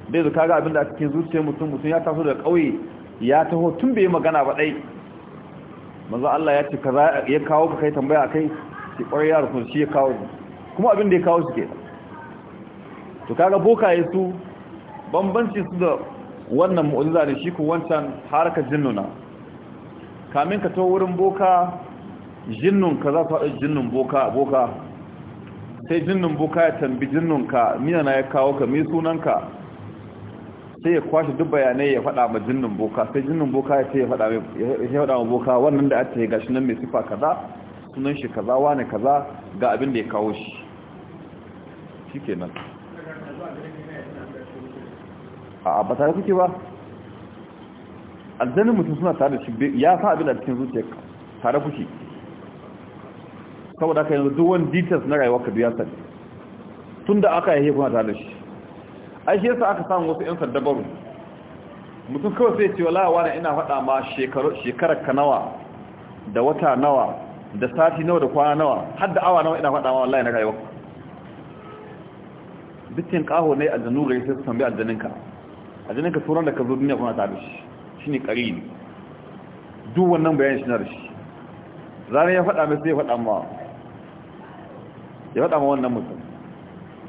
dai da kaga abin da a cikin zuciyar mutum mutum ya taso daga kauye ya taho tun bai magana ba dai manzon Allah ya ce kaza ya kawo ka kai tambaya kai ki kwarai ya shi ya kawo kuma abin da ya kawo shi ke to kaga bokaye su bambanci su da wannan mu'ujiza ne shi ku wancan harkar jinnuna kamin ka to wurin boka jinnun ka za su jinnun boka boka sai jinnun boka ya tambi jinnun ka na ya kawo ka mai sunanka sai ya kwashe duk bayanai ya faɗa ma jinnun boka sai jinnun boka ya ce ya faɗa ma boka wannan da ake gashi nan mai sifa kaza sunan shi kaza wane kaza ga abin da ya kawo shi shi nan a ba tare kuke ba aljanin mutum suna tare da shi ya sa abin a cikin zuciya tare kuke saboda aka yanzu duk wani details na rayuwa ka biya sani tun da aka yahe kuna tare da shi ai shi yasa aka samu wasu 'yan baro mutum kawai sai ce wala wani ina faɗa ma shekarar ka nawa da wata nawa da sati nawa da kwana nawa har da awa nawa ina faɗa ma wallahi na rayuwa dukkan kaho ne a zanura ya sai su aljaninka aljaninka sauran da ka zo duniya kuna tare shi shi ne ƙari ne duk wannan bayan shi na da shi ranar ya faɗa mai sai ya faɗa ma ya faɗa ma wannan mutum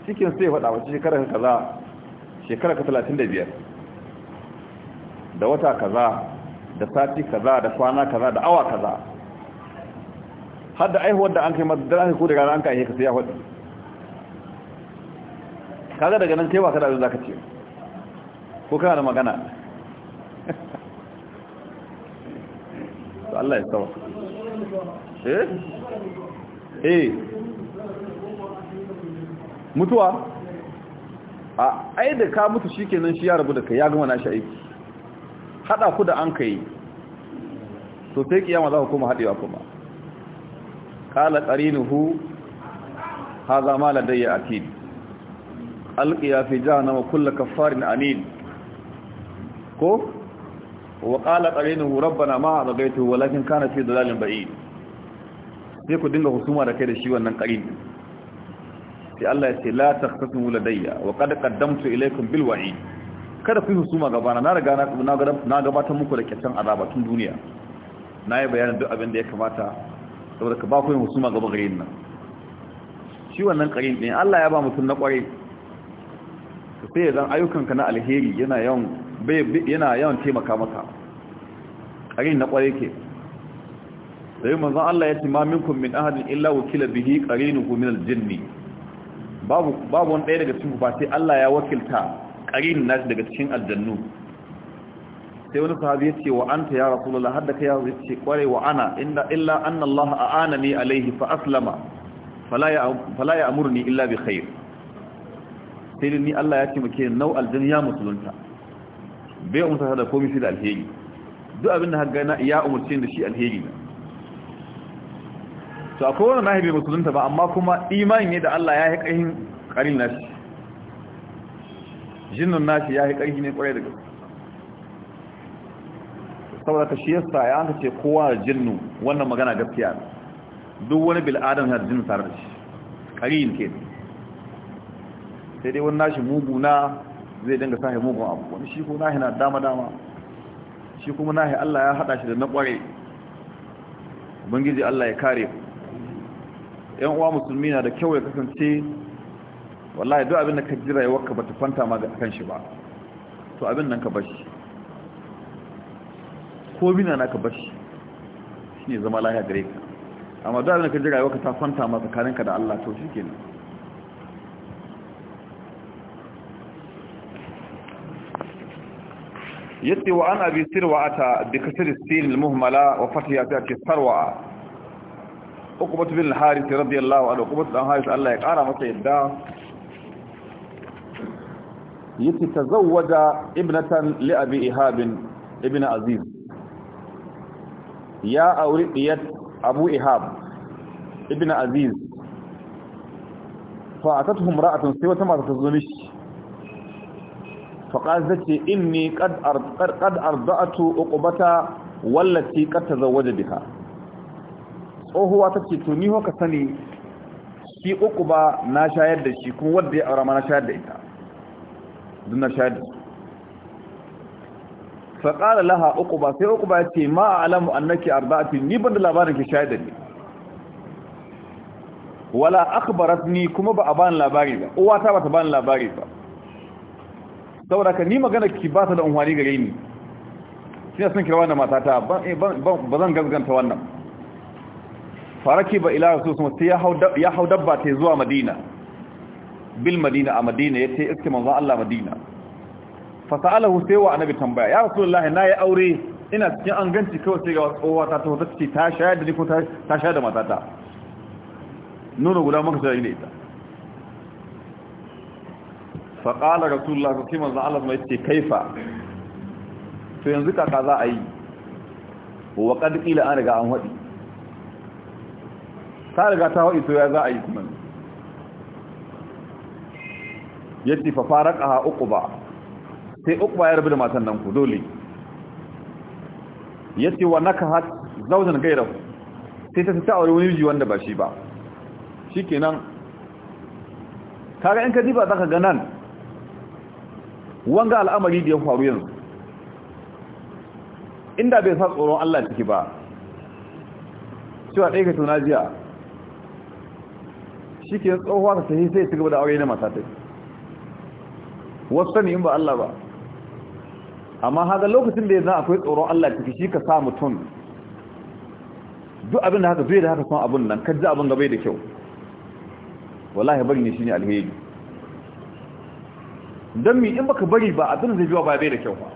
cikin sai ya faɗa wacce shekara kaza shekara ka talatin da biyar da wata kaza da sati kaza da kwana kaza da awa kaza har da aihuwar da an kai masu dara ko da rana an kai ka sai ya faɗi kaga daga nan sai ba ka da zaka ce ko kana da magana to Allah ya tsawo eh eh mutuwa a ai da ka mutu shikenan shi ya rabu da kai ya gama nashi aiki hada ku da an kai to sai kiyama za ku kuma hadewa kuma kala qarinuhu hadha ma ladayya atid alqiya fi jahannama kullu kaffarin anin ko wa qala qarinuhu rabbana ma a abghaytu walakin kana fi dalalin ba'id sai ku dinga husuma da kai da shi wannan qarin sai Allah ya ce la taqtasimu ladayya wa qad qaddamtu ilaykum bil wa'id kada ku husuma gaba na riga na gabatar muku da kyatan azaba tun duniya nayi bayanin duk abin da ya kamata saboda ka ba ku husuma gaba garin nan shi wannan qarin din Allah ya ba mutum na kwarai sai ya zan ayyukanka na alheri yana yawan taimaka maka ƙarin na ƙwarai ke Sai yi manzan Allah ya ce ma minkum min ahadin illa wakila bihi ƙarinu min aljinni babu wani ɗaya daga cikin ba sai Allah ya wakilta ƙarin na daga cikin aljannu sai wani sahabi ya ce wa anta ya rasulullah hadda kai ya ce ƙwarai wa ana inda illa annallahu Allah a'ana ni alaihi fa aslama fala ya amurni illa bi khair sai dai ni Allah ya ce muke nau aljin ya musulunta bai umurta da komai sai da alheri duk abin da haka ya umurce da shi alheri ne to akwai wani nahi bai musulunta ba amma kuma imani ne da Allah ya yi ƙarfin ƙarin nashi jinnun nashi ya yi ƙarfi ne ƙwarai daga saboda ka shi yasa ya anka ce kowa da jinnu wannan magana gaskiya duk wani bil'adam ya jinnu tare da shi Ƙari ke ne sai dai wani nashi mugu na zai dinga sahi mugun abu wani shi ko nahi na dama dama shi kuma nahi Allah ya hada shi da na kware Bangiji Allah ya kare yan uwa musulmi na da kyau ya kasance wallahi duk abin da ka jira ya waka bata fanta ma ga kan shi ba to abin nan ka bashi ko bina na ka bashi shine zama lahiya gare ka amma duk abin da ka jira ya waka ta fanta ma tsakaninka da Allah to shikenan yace wa an abi sirwa'ata bi kasr as-sin al-muhmala wa fatiha ta ke sarwa uqbat bin al-harith radiyallahu anhu uqbat dan harith Allah ya kara masa yadda yace tazawwaja ibnatan li abi ihab ibn aziz ya auri diyat abu ihab ibn aziz fa atathu imra'atun sai wata mata ta zo mishi ce faƙa zace inni qad arda'atu uqbata wallati qad tazawwaja biha tsohuwa tace to ni haka sani shi uƙuba na shayar da shi kuma wanda ya aura ma na shayar da ita duk na shayar da su faƙala laha uƙuba sai uƙuba ya ce ma a'lamu annaki arda'ati ni ban da labarin ke shayar da ni wala ni kuma ba a bani labari ba uwata ba ta bani labari ba saboda ka ni magana ki ba ta da unhwani gare ni shi sun kira wannan matata ba eh, zan gazganta wannan faraki ba ila rasu sun sai ya hau dabba ta zuwa madina bil madina a madina ya ce iske manzan Allah madina fasa'alahu sai wa annabi tambaya ya rasu lallahi na ya aure ina cikin an ganci kawai sai ga tsohuwa ta ta wata ce ta shayar da ni ko ta shayar da matata nuna guda maka shayar da ita faƙalar rasulullah su kima zan allah mai ce kaifa to yanzu kaka za a yi wa ƙadƙila an riga an waɗi ta riga ta waɗi to ya za a yi kuma yadda fa fara ƙaha uku ba sai uku ba ya rabu da matan nan ku dole yadda wa naka hat zaunan gairahu sai ta ta aure wani miji wanda ba shi ba shi kenan ga in ka diba za ka ga nan wanga al'amari da ya faru yanzu inda bai sa tsoron Allah ciki ba cewa ɗaya tuna jiya shi ke tsohuwa ta sahi sai cigaba da aure na matatai wasu sani in ba Allah ba amma haka lokacin da ya zan akwai tsoron Allah ciki shi ka sa mutum duk abin da haka zai da haka son abin nan kajji abin gabai da kyau wallahi bari ne shi ne alheri don mi in baka bari ba abin zai biyo ba bai da kyau ba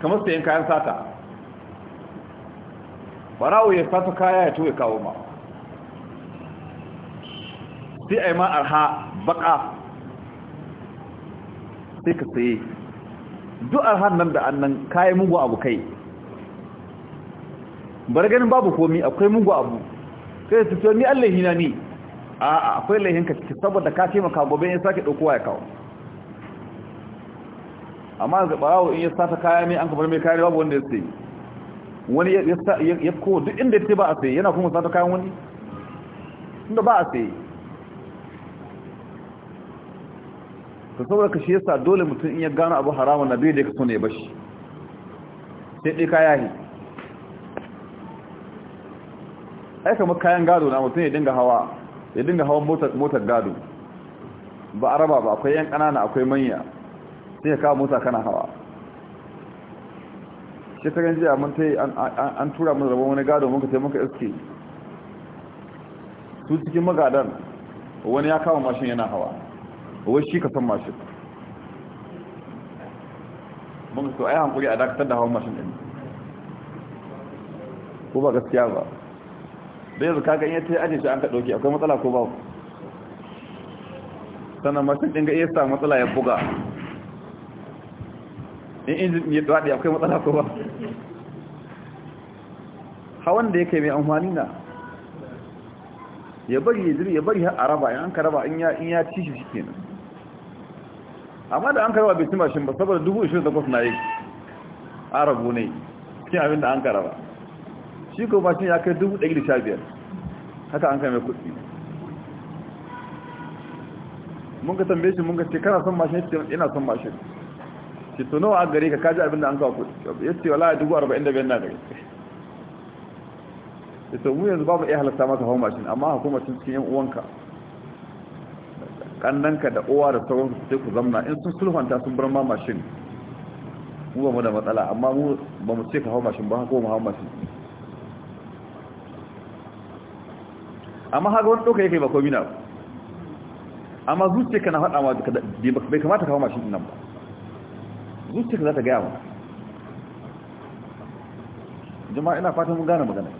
kamar sayan kayan sata barawo ya sata kaya ya to kawo ma sai a yi ma arha baka sai ka saye duk arhan nan da annan kayan mugu abu kai bar ganin babu komi akwai mugu abu sai su to ni Allah ni a akwai laihinka saboda ka taimaka gobe ya sake ɗaukowa ya kawo amma ga barawo in ya sata kaya ne an kamar mai kare babu wanda ya sai wani ya ko duk inda ya ce ba a sai yana kuma sata kayan wani inda ba a sai ka saboda ka shi yasa dole mutum in ya gano abu haramun na bai da ya kaso ne ya bashi sai ɗai kaya ne ai ma kayan gado na mutum ya dinga hawa ya dinga hawan motar gado ba a raba ba akwai yan ƙanana akwai manya sai ya kawo mota kana hawa shekaran jiya mun ta yi an tura mun rabon wani gado muka sai muka iske su cikin magadan wani ya kawo mashin yana hawa wai shi ka san mashin mun so ai hankuri a dakatar da hawan mashin din ko ba gaskiya ba da yanzu kaga iya ta yi ajiyar shi an ka akwai matsala ko ba sannan mashin ɗin ga iya sa matsala ya buga in injin ya dade akwai matsala ko ba hawan da yake mai amfani na ya bari ya ya bari har araba in an karaba in ya in ya ci shi kenan amma da an karaba bai ci mashin ba saboda dubu kwas na yi arabu ne cikin abin da an karaba shi ko mashin ya kai dubu biyar, haka an kai mai kuɗi mun ka tambaye shi mun ka ce kana son mashin yana son mashin ce to nawa gare ka kaji abin da an kawo kuɗi ya ce wala dubu arba'in da biyan na gare ya ce mu yanzu babu iya halatta maka hau mashin amma hukumar cin cikin yan uwanka kannanka da uwa da sauran su sai ku zamna in sun sulhanta sun bar ma mashin mu ba mu da matsala amma mu ba mu ce ka hau mashin ba ko mu hau mashin amma haka wani ɗauka yake ba komi na amma zuciya kana faɗa ma bai kamata ka hau mashin nan ba zuciyar za ta gaya wa? jama'a ina fatan mun gane magana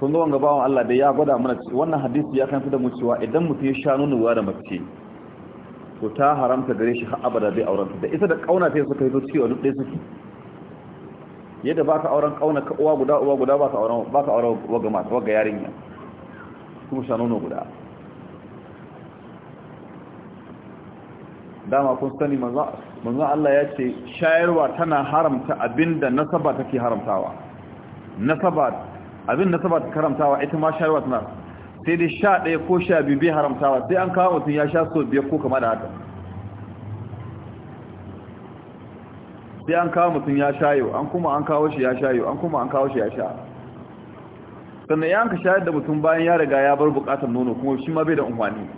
kun ga wanga Allah da ya gwada mana wannan hadisi ya kanta da mu cewa idan mutum ya sha nonuwa da mace to ta haramta gare shi har abada bai auren da ita da kauna sai suka yi to cewa duk suke yadda baka auren kauna ka uwa guda uwa guda baka auren baka auren waga mata waga yarinya kuma sha nono guda dama kun sani manzo Allah ya ce shayarwa tana haramta abinda nasaba take haramtawa nasaba abin nasaba take haramtawa ita ma shayarwa tana sai dai sha ɗaya ko sha biyu bai haramtawa sai an kawo mutum ya sha so biyar ko kama da haka sai an kawo mutum ya shayo an kuma an kawo shi ya shayo an kuma an kawo shi ya sha sannan ya ka shayar da mutum bayan ya riga ya bar bukatar nono kuma shi ma bai da umfani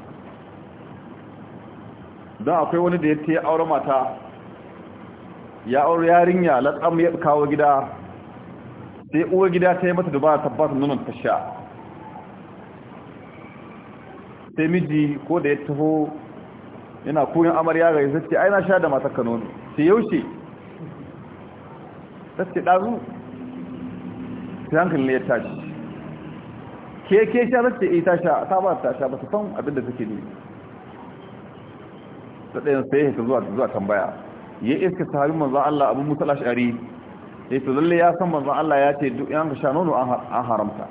don akwai wani da ya ta aure mata ya aure yarinya latsam ya kawo gida sai uwa gida ta yi mata da ba ta tabbata nunan ta sha sai miji ko da ya taho yana koyon amarya ga yasa ce aina sha da matar kanonu sai yaushe ta ce ɗazu sai hankali ya tashi ke ke sha ta ce ita eh, sha ta ba ta sha ba ta san abinda suke ne ta ɗaya sai ya zuwa zuwa tambaya ya iska sahabin manzo Allah Abu Musa al-Ash'ari ya to lalle ya san manzo Allah ya ce duk yanka sha nono an haramta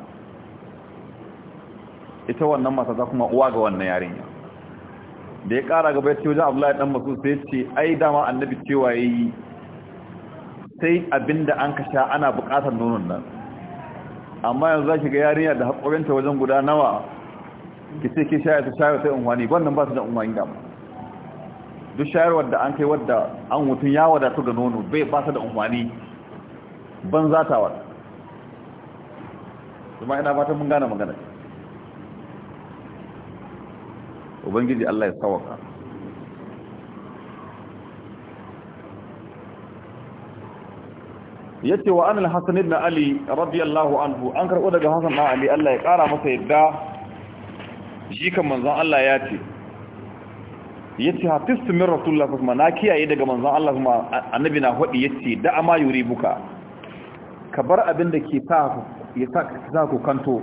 ita wannan mata za kuma uwa ga wannan yarinya da ya kara gaba ya ce wajen Abdullahi dan Masu sai ce ai dama annabi cewa yayi sai abinda an ka sha ana buƙatar nonon nan amma yanzu zaki ga yarinya da hakorinta wajen guda nawa ki ce ki sha ta sha ta unwani wannan ba su da unwani dama duk shayarwar da an kai wadda an mutum ya wadatu ga nono bai ba da umarni ban zatawar kuma ina fatan mun gane magana ubangiji Allah ya sawaka yace wa anil hasan ibn ali radiyallahu anhu an karbo daga hasan ibn ali Allah ya kara masa yadda jikan manzon Allah ya ce Ya ce hafistu min rasulullah kuma na kiyaye daga manzon Allah kuma annabi na hodi yace da ama buka ka bar abin da ke sa ya sa ka sa ku kanto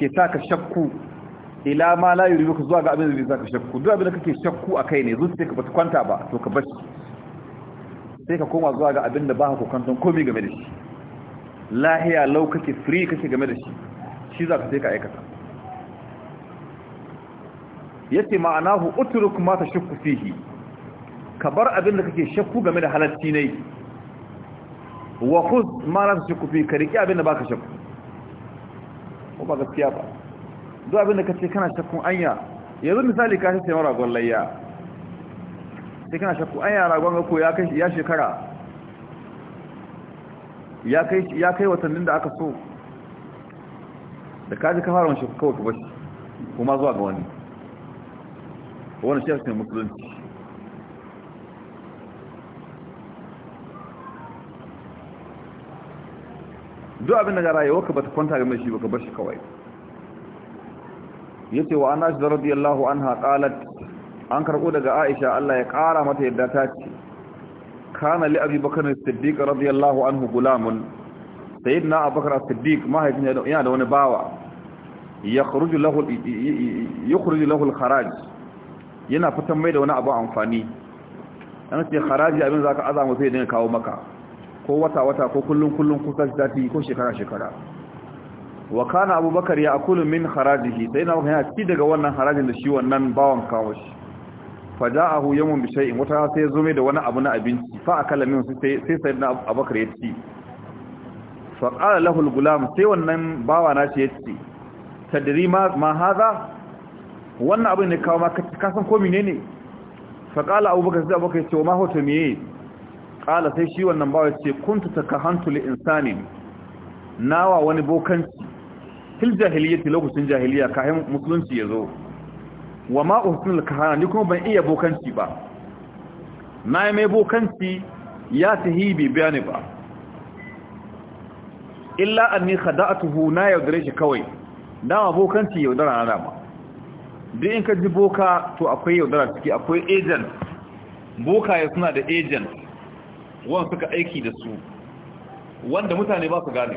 ke sa ka shakku ila ma la buka zuwa ga abin da zai sa ka shakku duk abin da kake shakku akai ne zuciya ka bata kwanta ba to ka bar sai ka koma zuwa ga abin da ba ku kanto komai game da shi lahiya lau kake free kake game da shi shi za ka sai ka aikata yace ma'anahu utruk ma tashakku fihi ka bar abin da kake shakku game da halacci ne wa khudh ma la tashakku fihi ka riki abin da baka shakku ko ba gaskiya ba duk abin da kace kana shakku anya yanzu misali ka tace mara gollayya sai kana shakku anya ragon ko ya kai ya shekara ya kai ya kai watannin da aka so da kaji ka fara wani shakku kawai ka bashi kuma zuwa ga wani wani shi ne musulunci duk abin da ga rayuwarka ba ta kwanta game shi ba ka bar shi kawai Ya ce wa anas da radiyallahu an qalat an karɓo daga aisha Allah ya ƙara mata yadda ta ce kana li abi bakr as-siddiq radiyallahu an anhu gulamun sayyidina abubakar as-siddiq mahaifin yana da wani bawa Ya lahu yakhruju lahu yana fitan mai da wani abu amfani an ce haraji abin za ka azama sai dinga kawo maka ko wata-wata ko kullum-kullum kusa tafi ko shekara-shekara wa kana abubakar ya akulu min harajihi sai na wakana ci daga wannan harajin da shi wannan bawan kawo shi fa huye yawmun bi shay'in wata sai ya zo mai da wani abu na abinci fa akala min sai sai na abubakar ya ci fa qala lahu al-gulam sai wannan bawa na ya ci tadri ma ma wannan abin ne kawo maka kasan ko menene fa qala abubakar sai abubakar ya ce ma hoto meye qala sai shi wannan bawa ya ce kuntu takahantu li insani nawa wani bokanci fil jahiliyyati lokacin jahiliya kayan musulunci yazo wa ma uhsinul kahana ni kuma ban iya bokanci ba na yi mai bokanci ya tahi bai biya ba illa anni ni khada'atuhu na yaudare shi kawai dama bokanci yaudara na dama duk in ka ji boka to akwai yaudara ciki akwai agent bokaye suna da agent wanda suka aiki da su wanda mutane ba su gane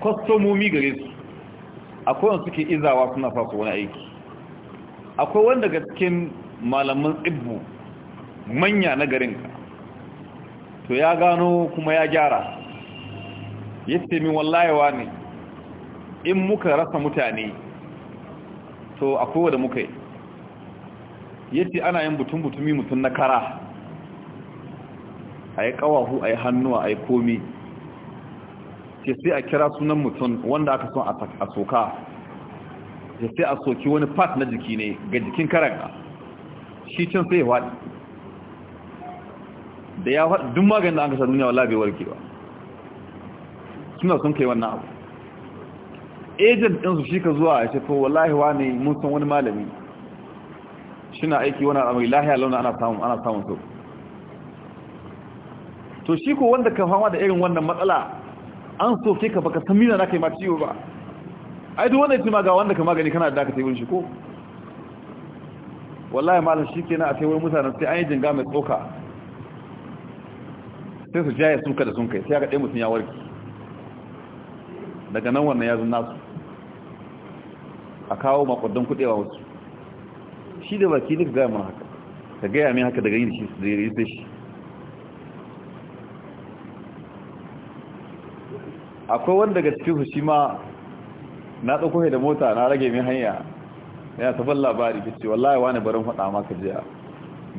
kwastomomi gare su akwai wanda suke izawa suna fasu wani aiki akwai wanda ga cikin malaman tsibbu manya na garin to ya gano kuma ya gyara ya ce min wallayewa ne in muka rasa mutane so a kowa da muka yi ce ana yin butun butumi mutum na kara a yi kawahu a yi hannuwa a yi komi ke sai a kira sunan mutum wanda aka son a soka ke sai a soki wani part na jiki ne ga jikin karan shi can sai waɗi da ya waɗi duk maganin da an kasar duniya wala bai ke ba suna sun kai wannan abu agent su shi ka zuwa a to wallahi wani mun san wani malami shi na aiki wani al'amari lahiya launa ana samun ana samun so to shi ko wanda ka fama da irin wannan matsala an so ka baka san mina na kai ma ciwo ba ai duk wanda ya ce ma ga wanda ka magani kana da ka taiwon shi ko wallahi malam shi kenan a taiwon mutanen sai an yi jinga mai tsoka sai su jaye suka da sun kai sai aka ɗaya mutum ya warki daga nan wannan ya zun nasu a kawo makwadon kudewa wasu shi da baki ne ka gaya mana haka ka gaya mai haka daga yin shi da yi da shi akwai wanda ga cikin su shi ma na ɗauko da mota na rage mai hanya yana tafan labari ta ce wallahi wani barin faɗa maka jiya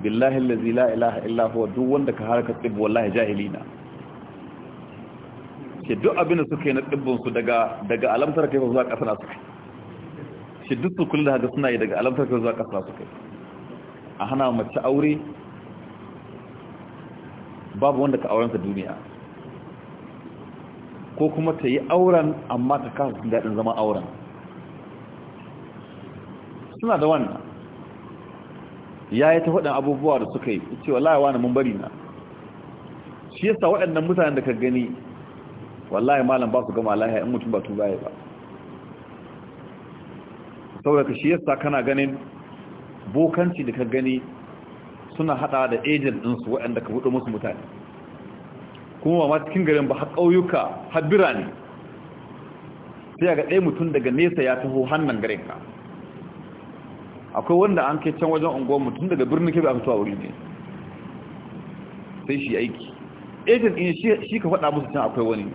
billahi lazi la ilaha illa huwa duk wanda ka harkar tsibu wallahi jahilina ke duk abin da suka yi na tsibbinsu daga alamtar kai ba zuwa ƙasa na suka yi shi duk su kullum haka suna yi daga alamtar ka zuwa kasa su kai a hana mace aure babu wanda ka aurensa duniya ko kuma ta yi auren amma ta kasa sun daɗin zama auren suna da wannan ya yi ta waɗin abubuwa da suka yi cewa layawa na mun bari na shi yasa waɗannan mutanen da ka gani wallahi malam ba su gama lahiya in mutum ba tun ya ba saboda ka shi yasa kana ganin bokanci da ka gani suna hada da agent ɗinsu waɗanda ka hudu musu mutane kuma ba ma cikin garin ba haƙauyuka har ne sai ga ɗaya mutum daga nesa ya taho hannun garin ka akwai wanda an kai can wajen unguwar mutum daga birnin kebe a fitowa wuri ne sai shi aiki agent ɗin shi ka faɗa musu can akwai wani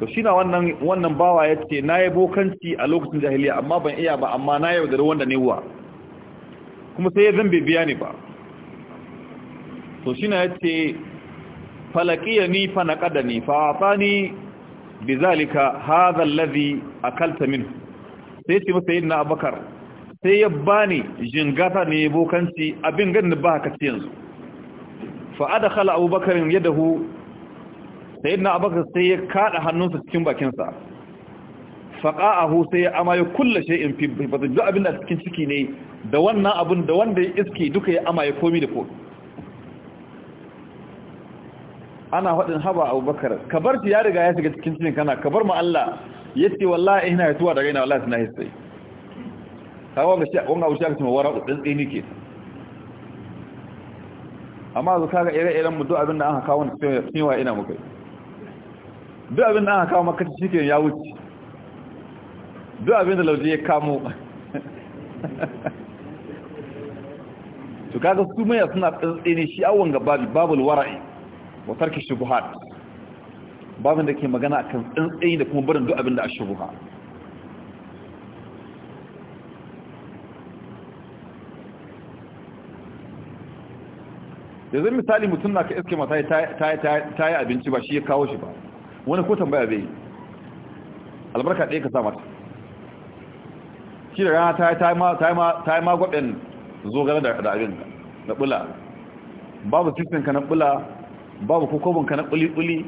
to shi na wannan bawa ya ce na yi bokanci a lokacin jahiliya amma ban iya ba amma na yau da wanda ne wa kuma sai ya zambe biya ne ba to shi na ya ce falakiya ni fa na kada ni fa fa ni bi zalika ha zallazi a kaltamin sai ce masa yin na abakar sai ya bani jingata ne bokanci abin ganin ba ka ci yanzu fa kala abubakar hu sayyidina abubakar sai ya kada hannunsa cikin bakinsa faqa'ahu sai ya amaye kullu shay'in fi bazu duk abin da cikin ciki ne da wannan abin da wanda ya iske duka ya amaye komi da komi ana faɗin haba abubakar ka bar ya riga ya shiga cikin cikin kana ka bar mu Allah yace wallahi ina yatuwa daga ina wallahi ina hitsai kawo ga shi wanga wuce ka ce wara ɗin tsini ke amma zuka ga ire-iren mu duk abin da aka kawo ne cewa ina kai duk abin da aka kawo maka shi ke ya wuce duk abin da lauje ya kamo to kaga su mai suna ne shi awon ga babul wara'i wa tarki shubuhat babin da ke magana akan tsantsi da kuma barin duk abin da a yanzu misali mutum na ka iske mata ta yi abinci ba shi ya kawo shi ba wani ko tambaya zai albarka ɗaya ka sa mata shi da rana ta yi magwaɓin zogara da abin na ɓula babu cikin ka na ɓula babu ka na ɓuli-ɓuli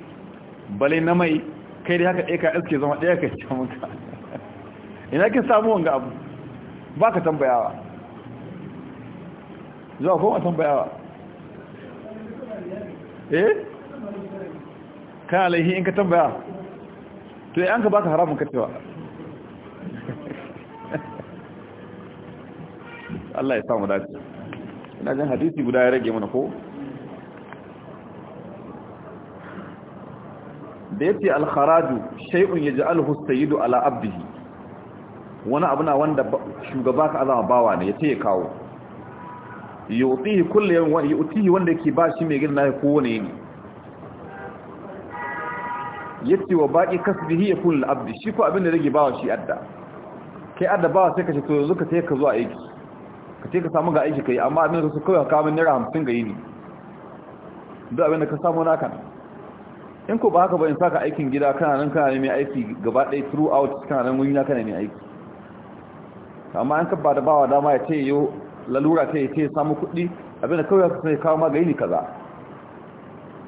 balai na mai kai da haka ɗaya ka iske zama ɗaya ka ce muka ina kin samu wanga abu ba ka tambayawa zuwa kuma tambayawa eh kana alaihi in ka tambaya to yi an ka baka haramun kacewa <laughs> Allah ya samu dace ina jin hadisi guda ya rage mana ko da yake al-kharaju shay'un yaj'aluhu as-sayyidu ala abdihi wani abu na wanda shugaba ka azama bawa ne yace ya kawo yutihi kullu wanda yake ba shi mai gina ko wani ne yace wa baqi kasbihi yakun al-abd shi ko abin da rage wa shi adda kai adda ba sai ka ce to yanzu ka sai ka zo aiki ka ce ka samu ga aiki kai amma abin da su kawai ka mini ra 50 ga yini duk abin da ka samu naka in ko ba haka ba in saka aikin gida kana nan kana mai aiki gaba ɗaya throughout kana nan wuri na kana mai aiki amma an ba da bawa dama ya ce yo lalura ta ya ce samu kuɗi abin da kawai ka sai kawo yini kaza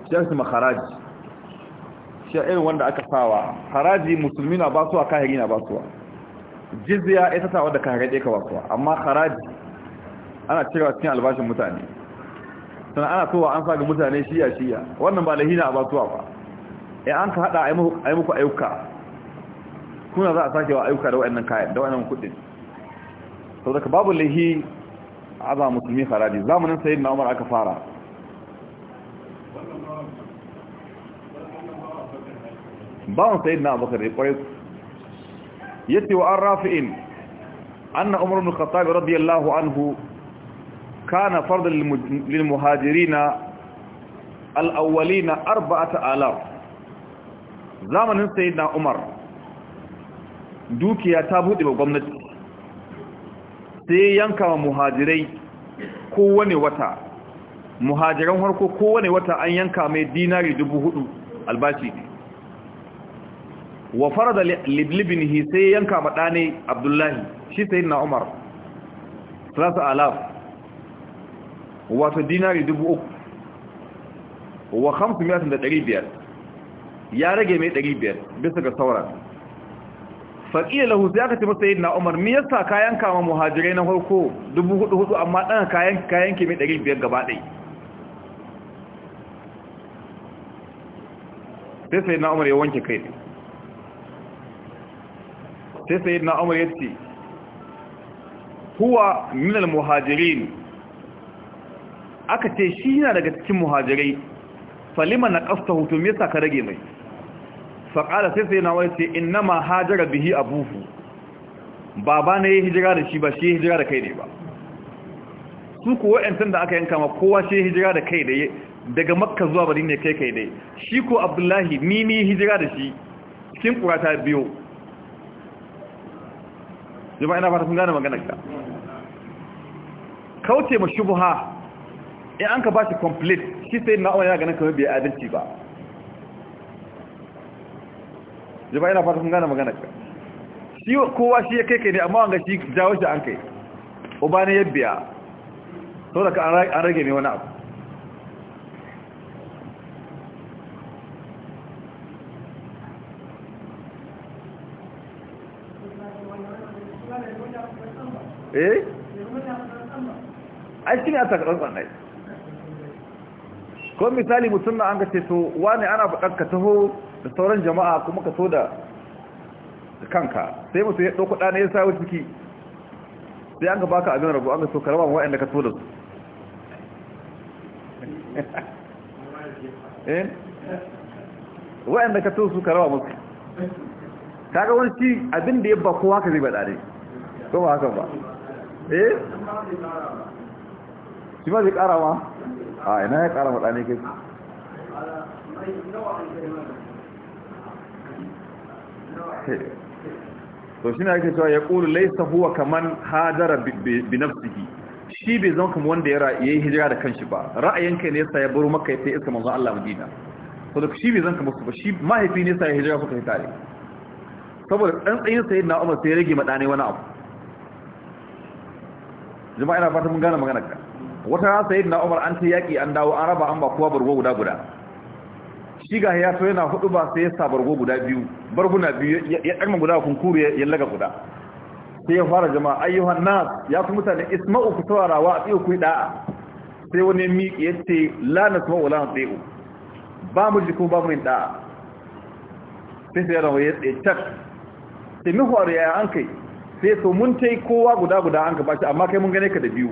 shi ya su makaraji shi irin wanda aka sawa haraji musulmi na basuwa kahiri na basuwa jizya ita ta wadda kahiri ɗaya ka basuwa amma haraji ana cewa cikin albashin mutane sannan ana towa an saga mutane shiya-shiya wannan ba lahina a basuwa ba ya an ka hada a yi muku ayyuka kuna za a sake wa ayyuka da wa'annan kayan da wa'annan kudin sau daga babu lahi a za musulmi haraji zamanin sayin na umar aka fara bawan sayyid na abubakar ya kwarai ya ce wa an rafi'in an na umarun khattabi radiyallahu anhu kana fardar al'awwali na arba'ata alaf zamanin sayyid na umar dukiya ta buɗe ba gwamnati sai yanka wa muhajirai kowane wata muhajiran harko kowane wata an yanka mai dinari dubu hudu albashi wa farada liblibinihi sai yanka ma ɗane abdullahi shi sai na umar salasa alaf wato dinari dubu uku wa hamsin miyasin da ɗari biyar ya rage mai ɗari biyar bisa ga sauran faƙiya lahu sai aka ce masa yi na umar mi yasa kayan kama muhajirai na harko dubu hudu hudu amma ɗan kayan ke mai ɗari biyar gaba ɗai sai sai na umar ya wanke kai sai sai na umar yace huwa min al-muhajirin aka ce shi yana daga cikin muhajirai falima na kasta hutum yasa ka rage mai qala sai sai na wani ce inna ma hajara bihi abuhu baba ne ya hijira da shi ba shi ya hijira da kai ne ba su ko wa'antan da aka yanka ma kowa shi ya hijira da kai dai daga makka zuwa madina ne kai kai dai shi ko abdullahi ni hijira da shi cikin kurata biyo. jama'a ina fata kun gane maganar ka kauce ma shubha in an ka bashi complete shi sai na yana ganin kamar bai adalci ba jama'a ina fata kun gane maganar ka shi kowa shi ya kai kai ne amma wanga shi jawo shi an kai ubani yabbiya ya biya saboda ka an rage ne wani abu eh ai shi ne a takarar ko misali mutum na an ka ce to wani ana faɗar ka taho da sauran jama'a kuma ka so da kanka sai mutum ya dauko ɗana ya sawo ciki sai an ga baka abin rabu an ka so karama wa'anda ka so da su <laughs> eh? wa'anda ka so su karama musu kaga wani ci abin da ya ba kowa ka zai ba ko ba haka ba eh shi ba zai kara ma a ina ya kara ma ɗane kai to shi ne ake cewa ya ƙulu laisa huwa kaman hajara bi shi bai zama kuma wanda ya yi hijira da kanshi ba ra'ayinka ne yasa ya baro maka ya sai iska manzon Allah Madina to da shi bai zama kuma su ba shi mahaifi ne yasa ya hijira suka yi tare saboda ɗan tsayin na Umar sai ya rage madane wani abu jama'a ina fata mun gane maganar ka wata rana sayyidina Umar an ce yaki an dawo an raba an ba kowa bargo guda guda shi ga ya so yana hudu ba sai ya sa bargo guda biyu barguna biyu ya ɗarma guda kunkuru ya laga guda sai ya fara jama'a ayyuhan nas ya ku mutane isma'u ku saurara wa a tsiyo ku da'a sai wani miƙi ya ce la na sama wala na tsiyo ba mu ji ba mu yi da'a sai sai ya rawa ya tsaye tak sai mihuwar ya an kai sai so mun ta yi kowa guda guda an gaba shi amma kai mun gane ka da biyu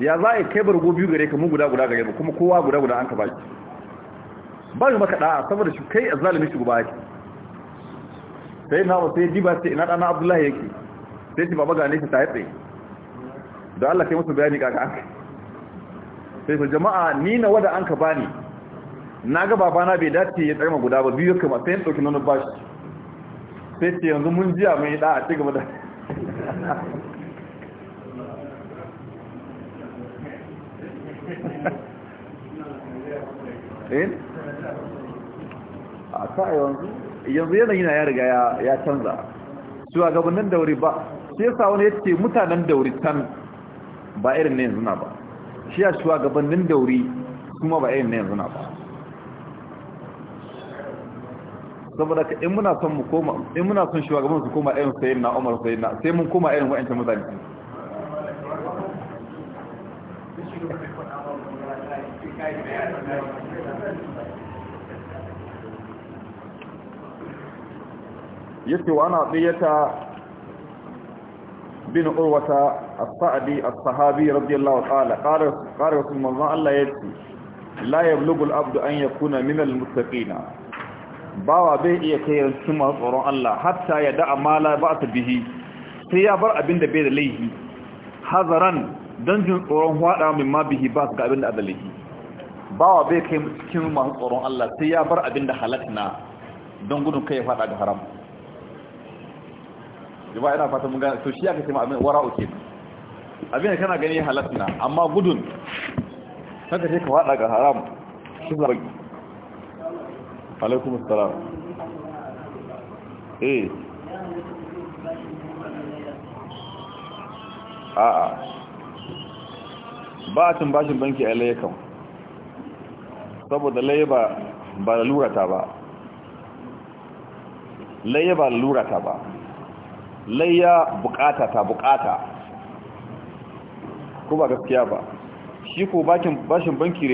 ya za a kai bargo biyu gare ka mun guda guda gare mu kuma kowa guda guda an gaba shi ba yi maka da'a saboda shi kai a zalimin shi guba yake sai na wasu ya ji ba sai ina ɗana abdullahi yake sai shi baba gane shi ta haifai da Allah kai musu bayani kaka aka sai su jama'a ni na wada an ka bani na ga babana bai dace ya tsarma guda ba biyu kama sai ya ɗauki nuna bashi sai ce yanzu mun jiya mai da a ci gaba da <laughs> eh? a ta yanzu yanzu yanayi na ya riga ya canza suwa gabanin dauri ba sai yasa wani ya ce mutanen dauri can ba irin na yanzu na ba shi ya gabanin dauri kuma ba irin na yanzu na ba saboda ka in muna son mu koma in muna son shugaban su koma irin sayyidina Umar sayyidina sai mun koma irin wa'ancan mutane yace wa ana diyata bin urwata as-sa'di as-sahabi radiyallahu ta'ala qala qala rasulullah Allah yace la yablughu al-abdu an yakuna min al-muttaqina bawa bai iya kai yankin masu tsoron Allah hatta ya da'a mala ba ta bihi sai ya bar abin da bai da laifi hazaran don jin tsoron hwada min ma bihi ba su ga abin da da laifi, bawa bai kai cikin masu tsoron Allah sai ya bar abin da halatta don gudun kai ya fada ga haram jama'a ina fata mun gane to shi aka ce ma abin wara uke, abin da kana gani halatta amma gudun kaga sai ka fada ga haram shi ba alaikum assalam eh a'a ba a cin bashin banki a laye saboda laye ba ba da lurata ba laye ba da lurata ba laye bukata ta bukata ko ba gaskiya ba shi ko bashin banki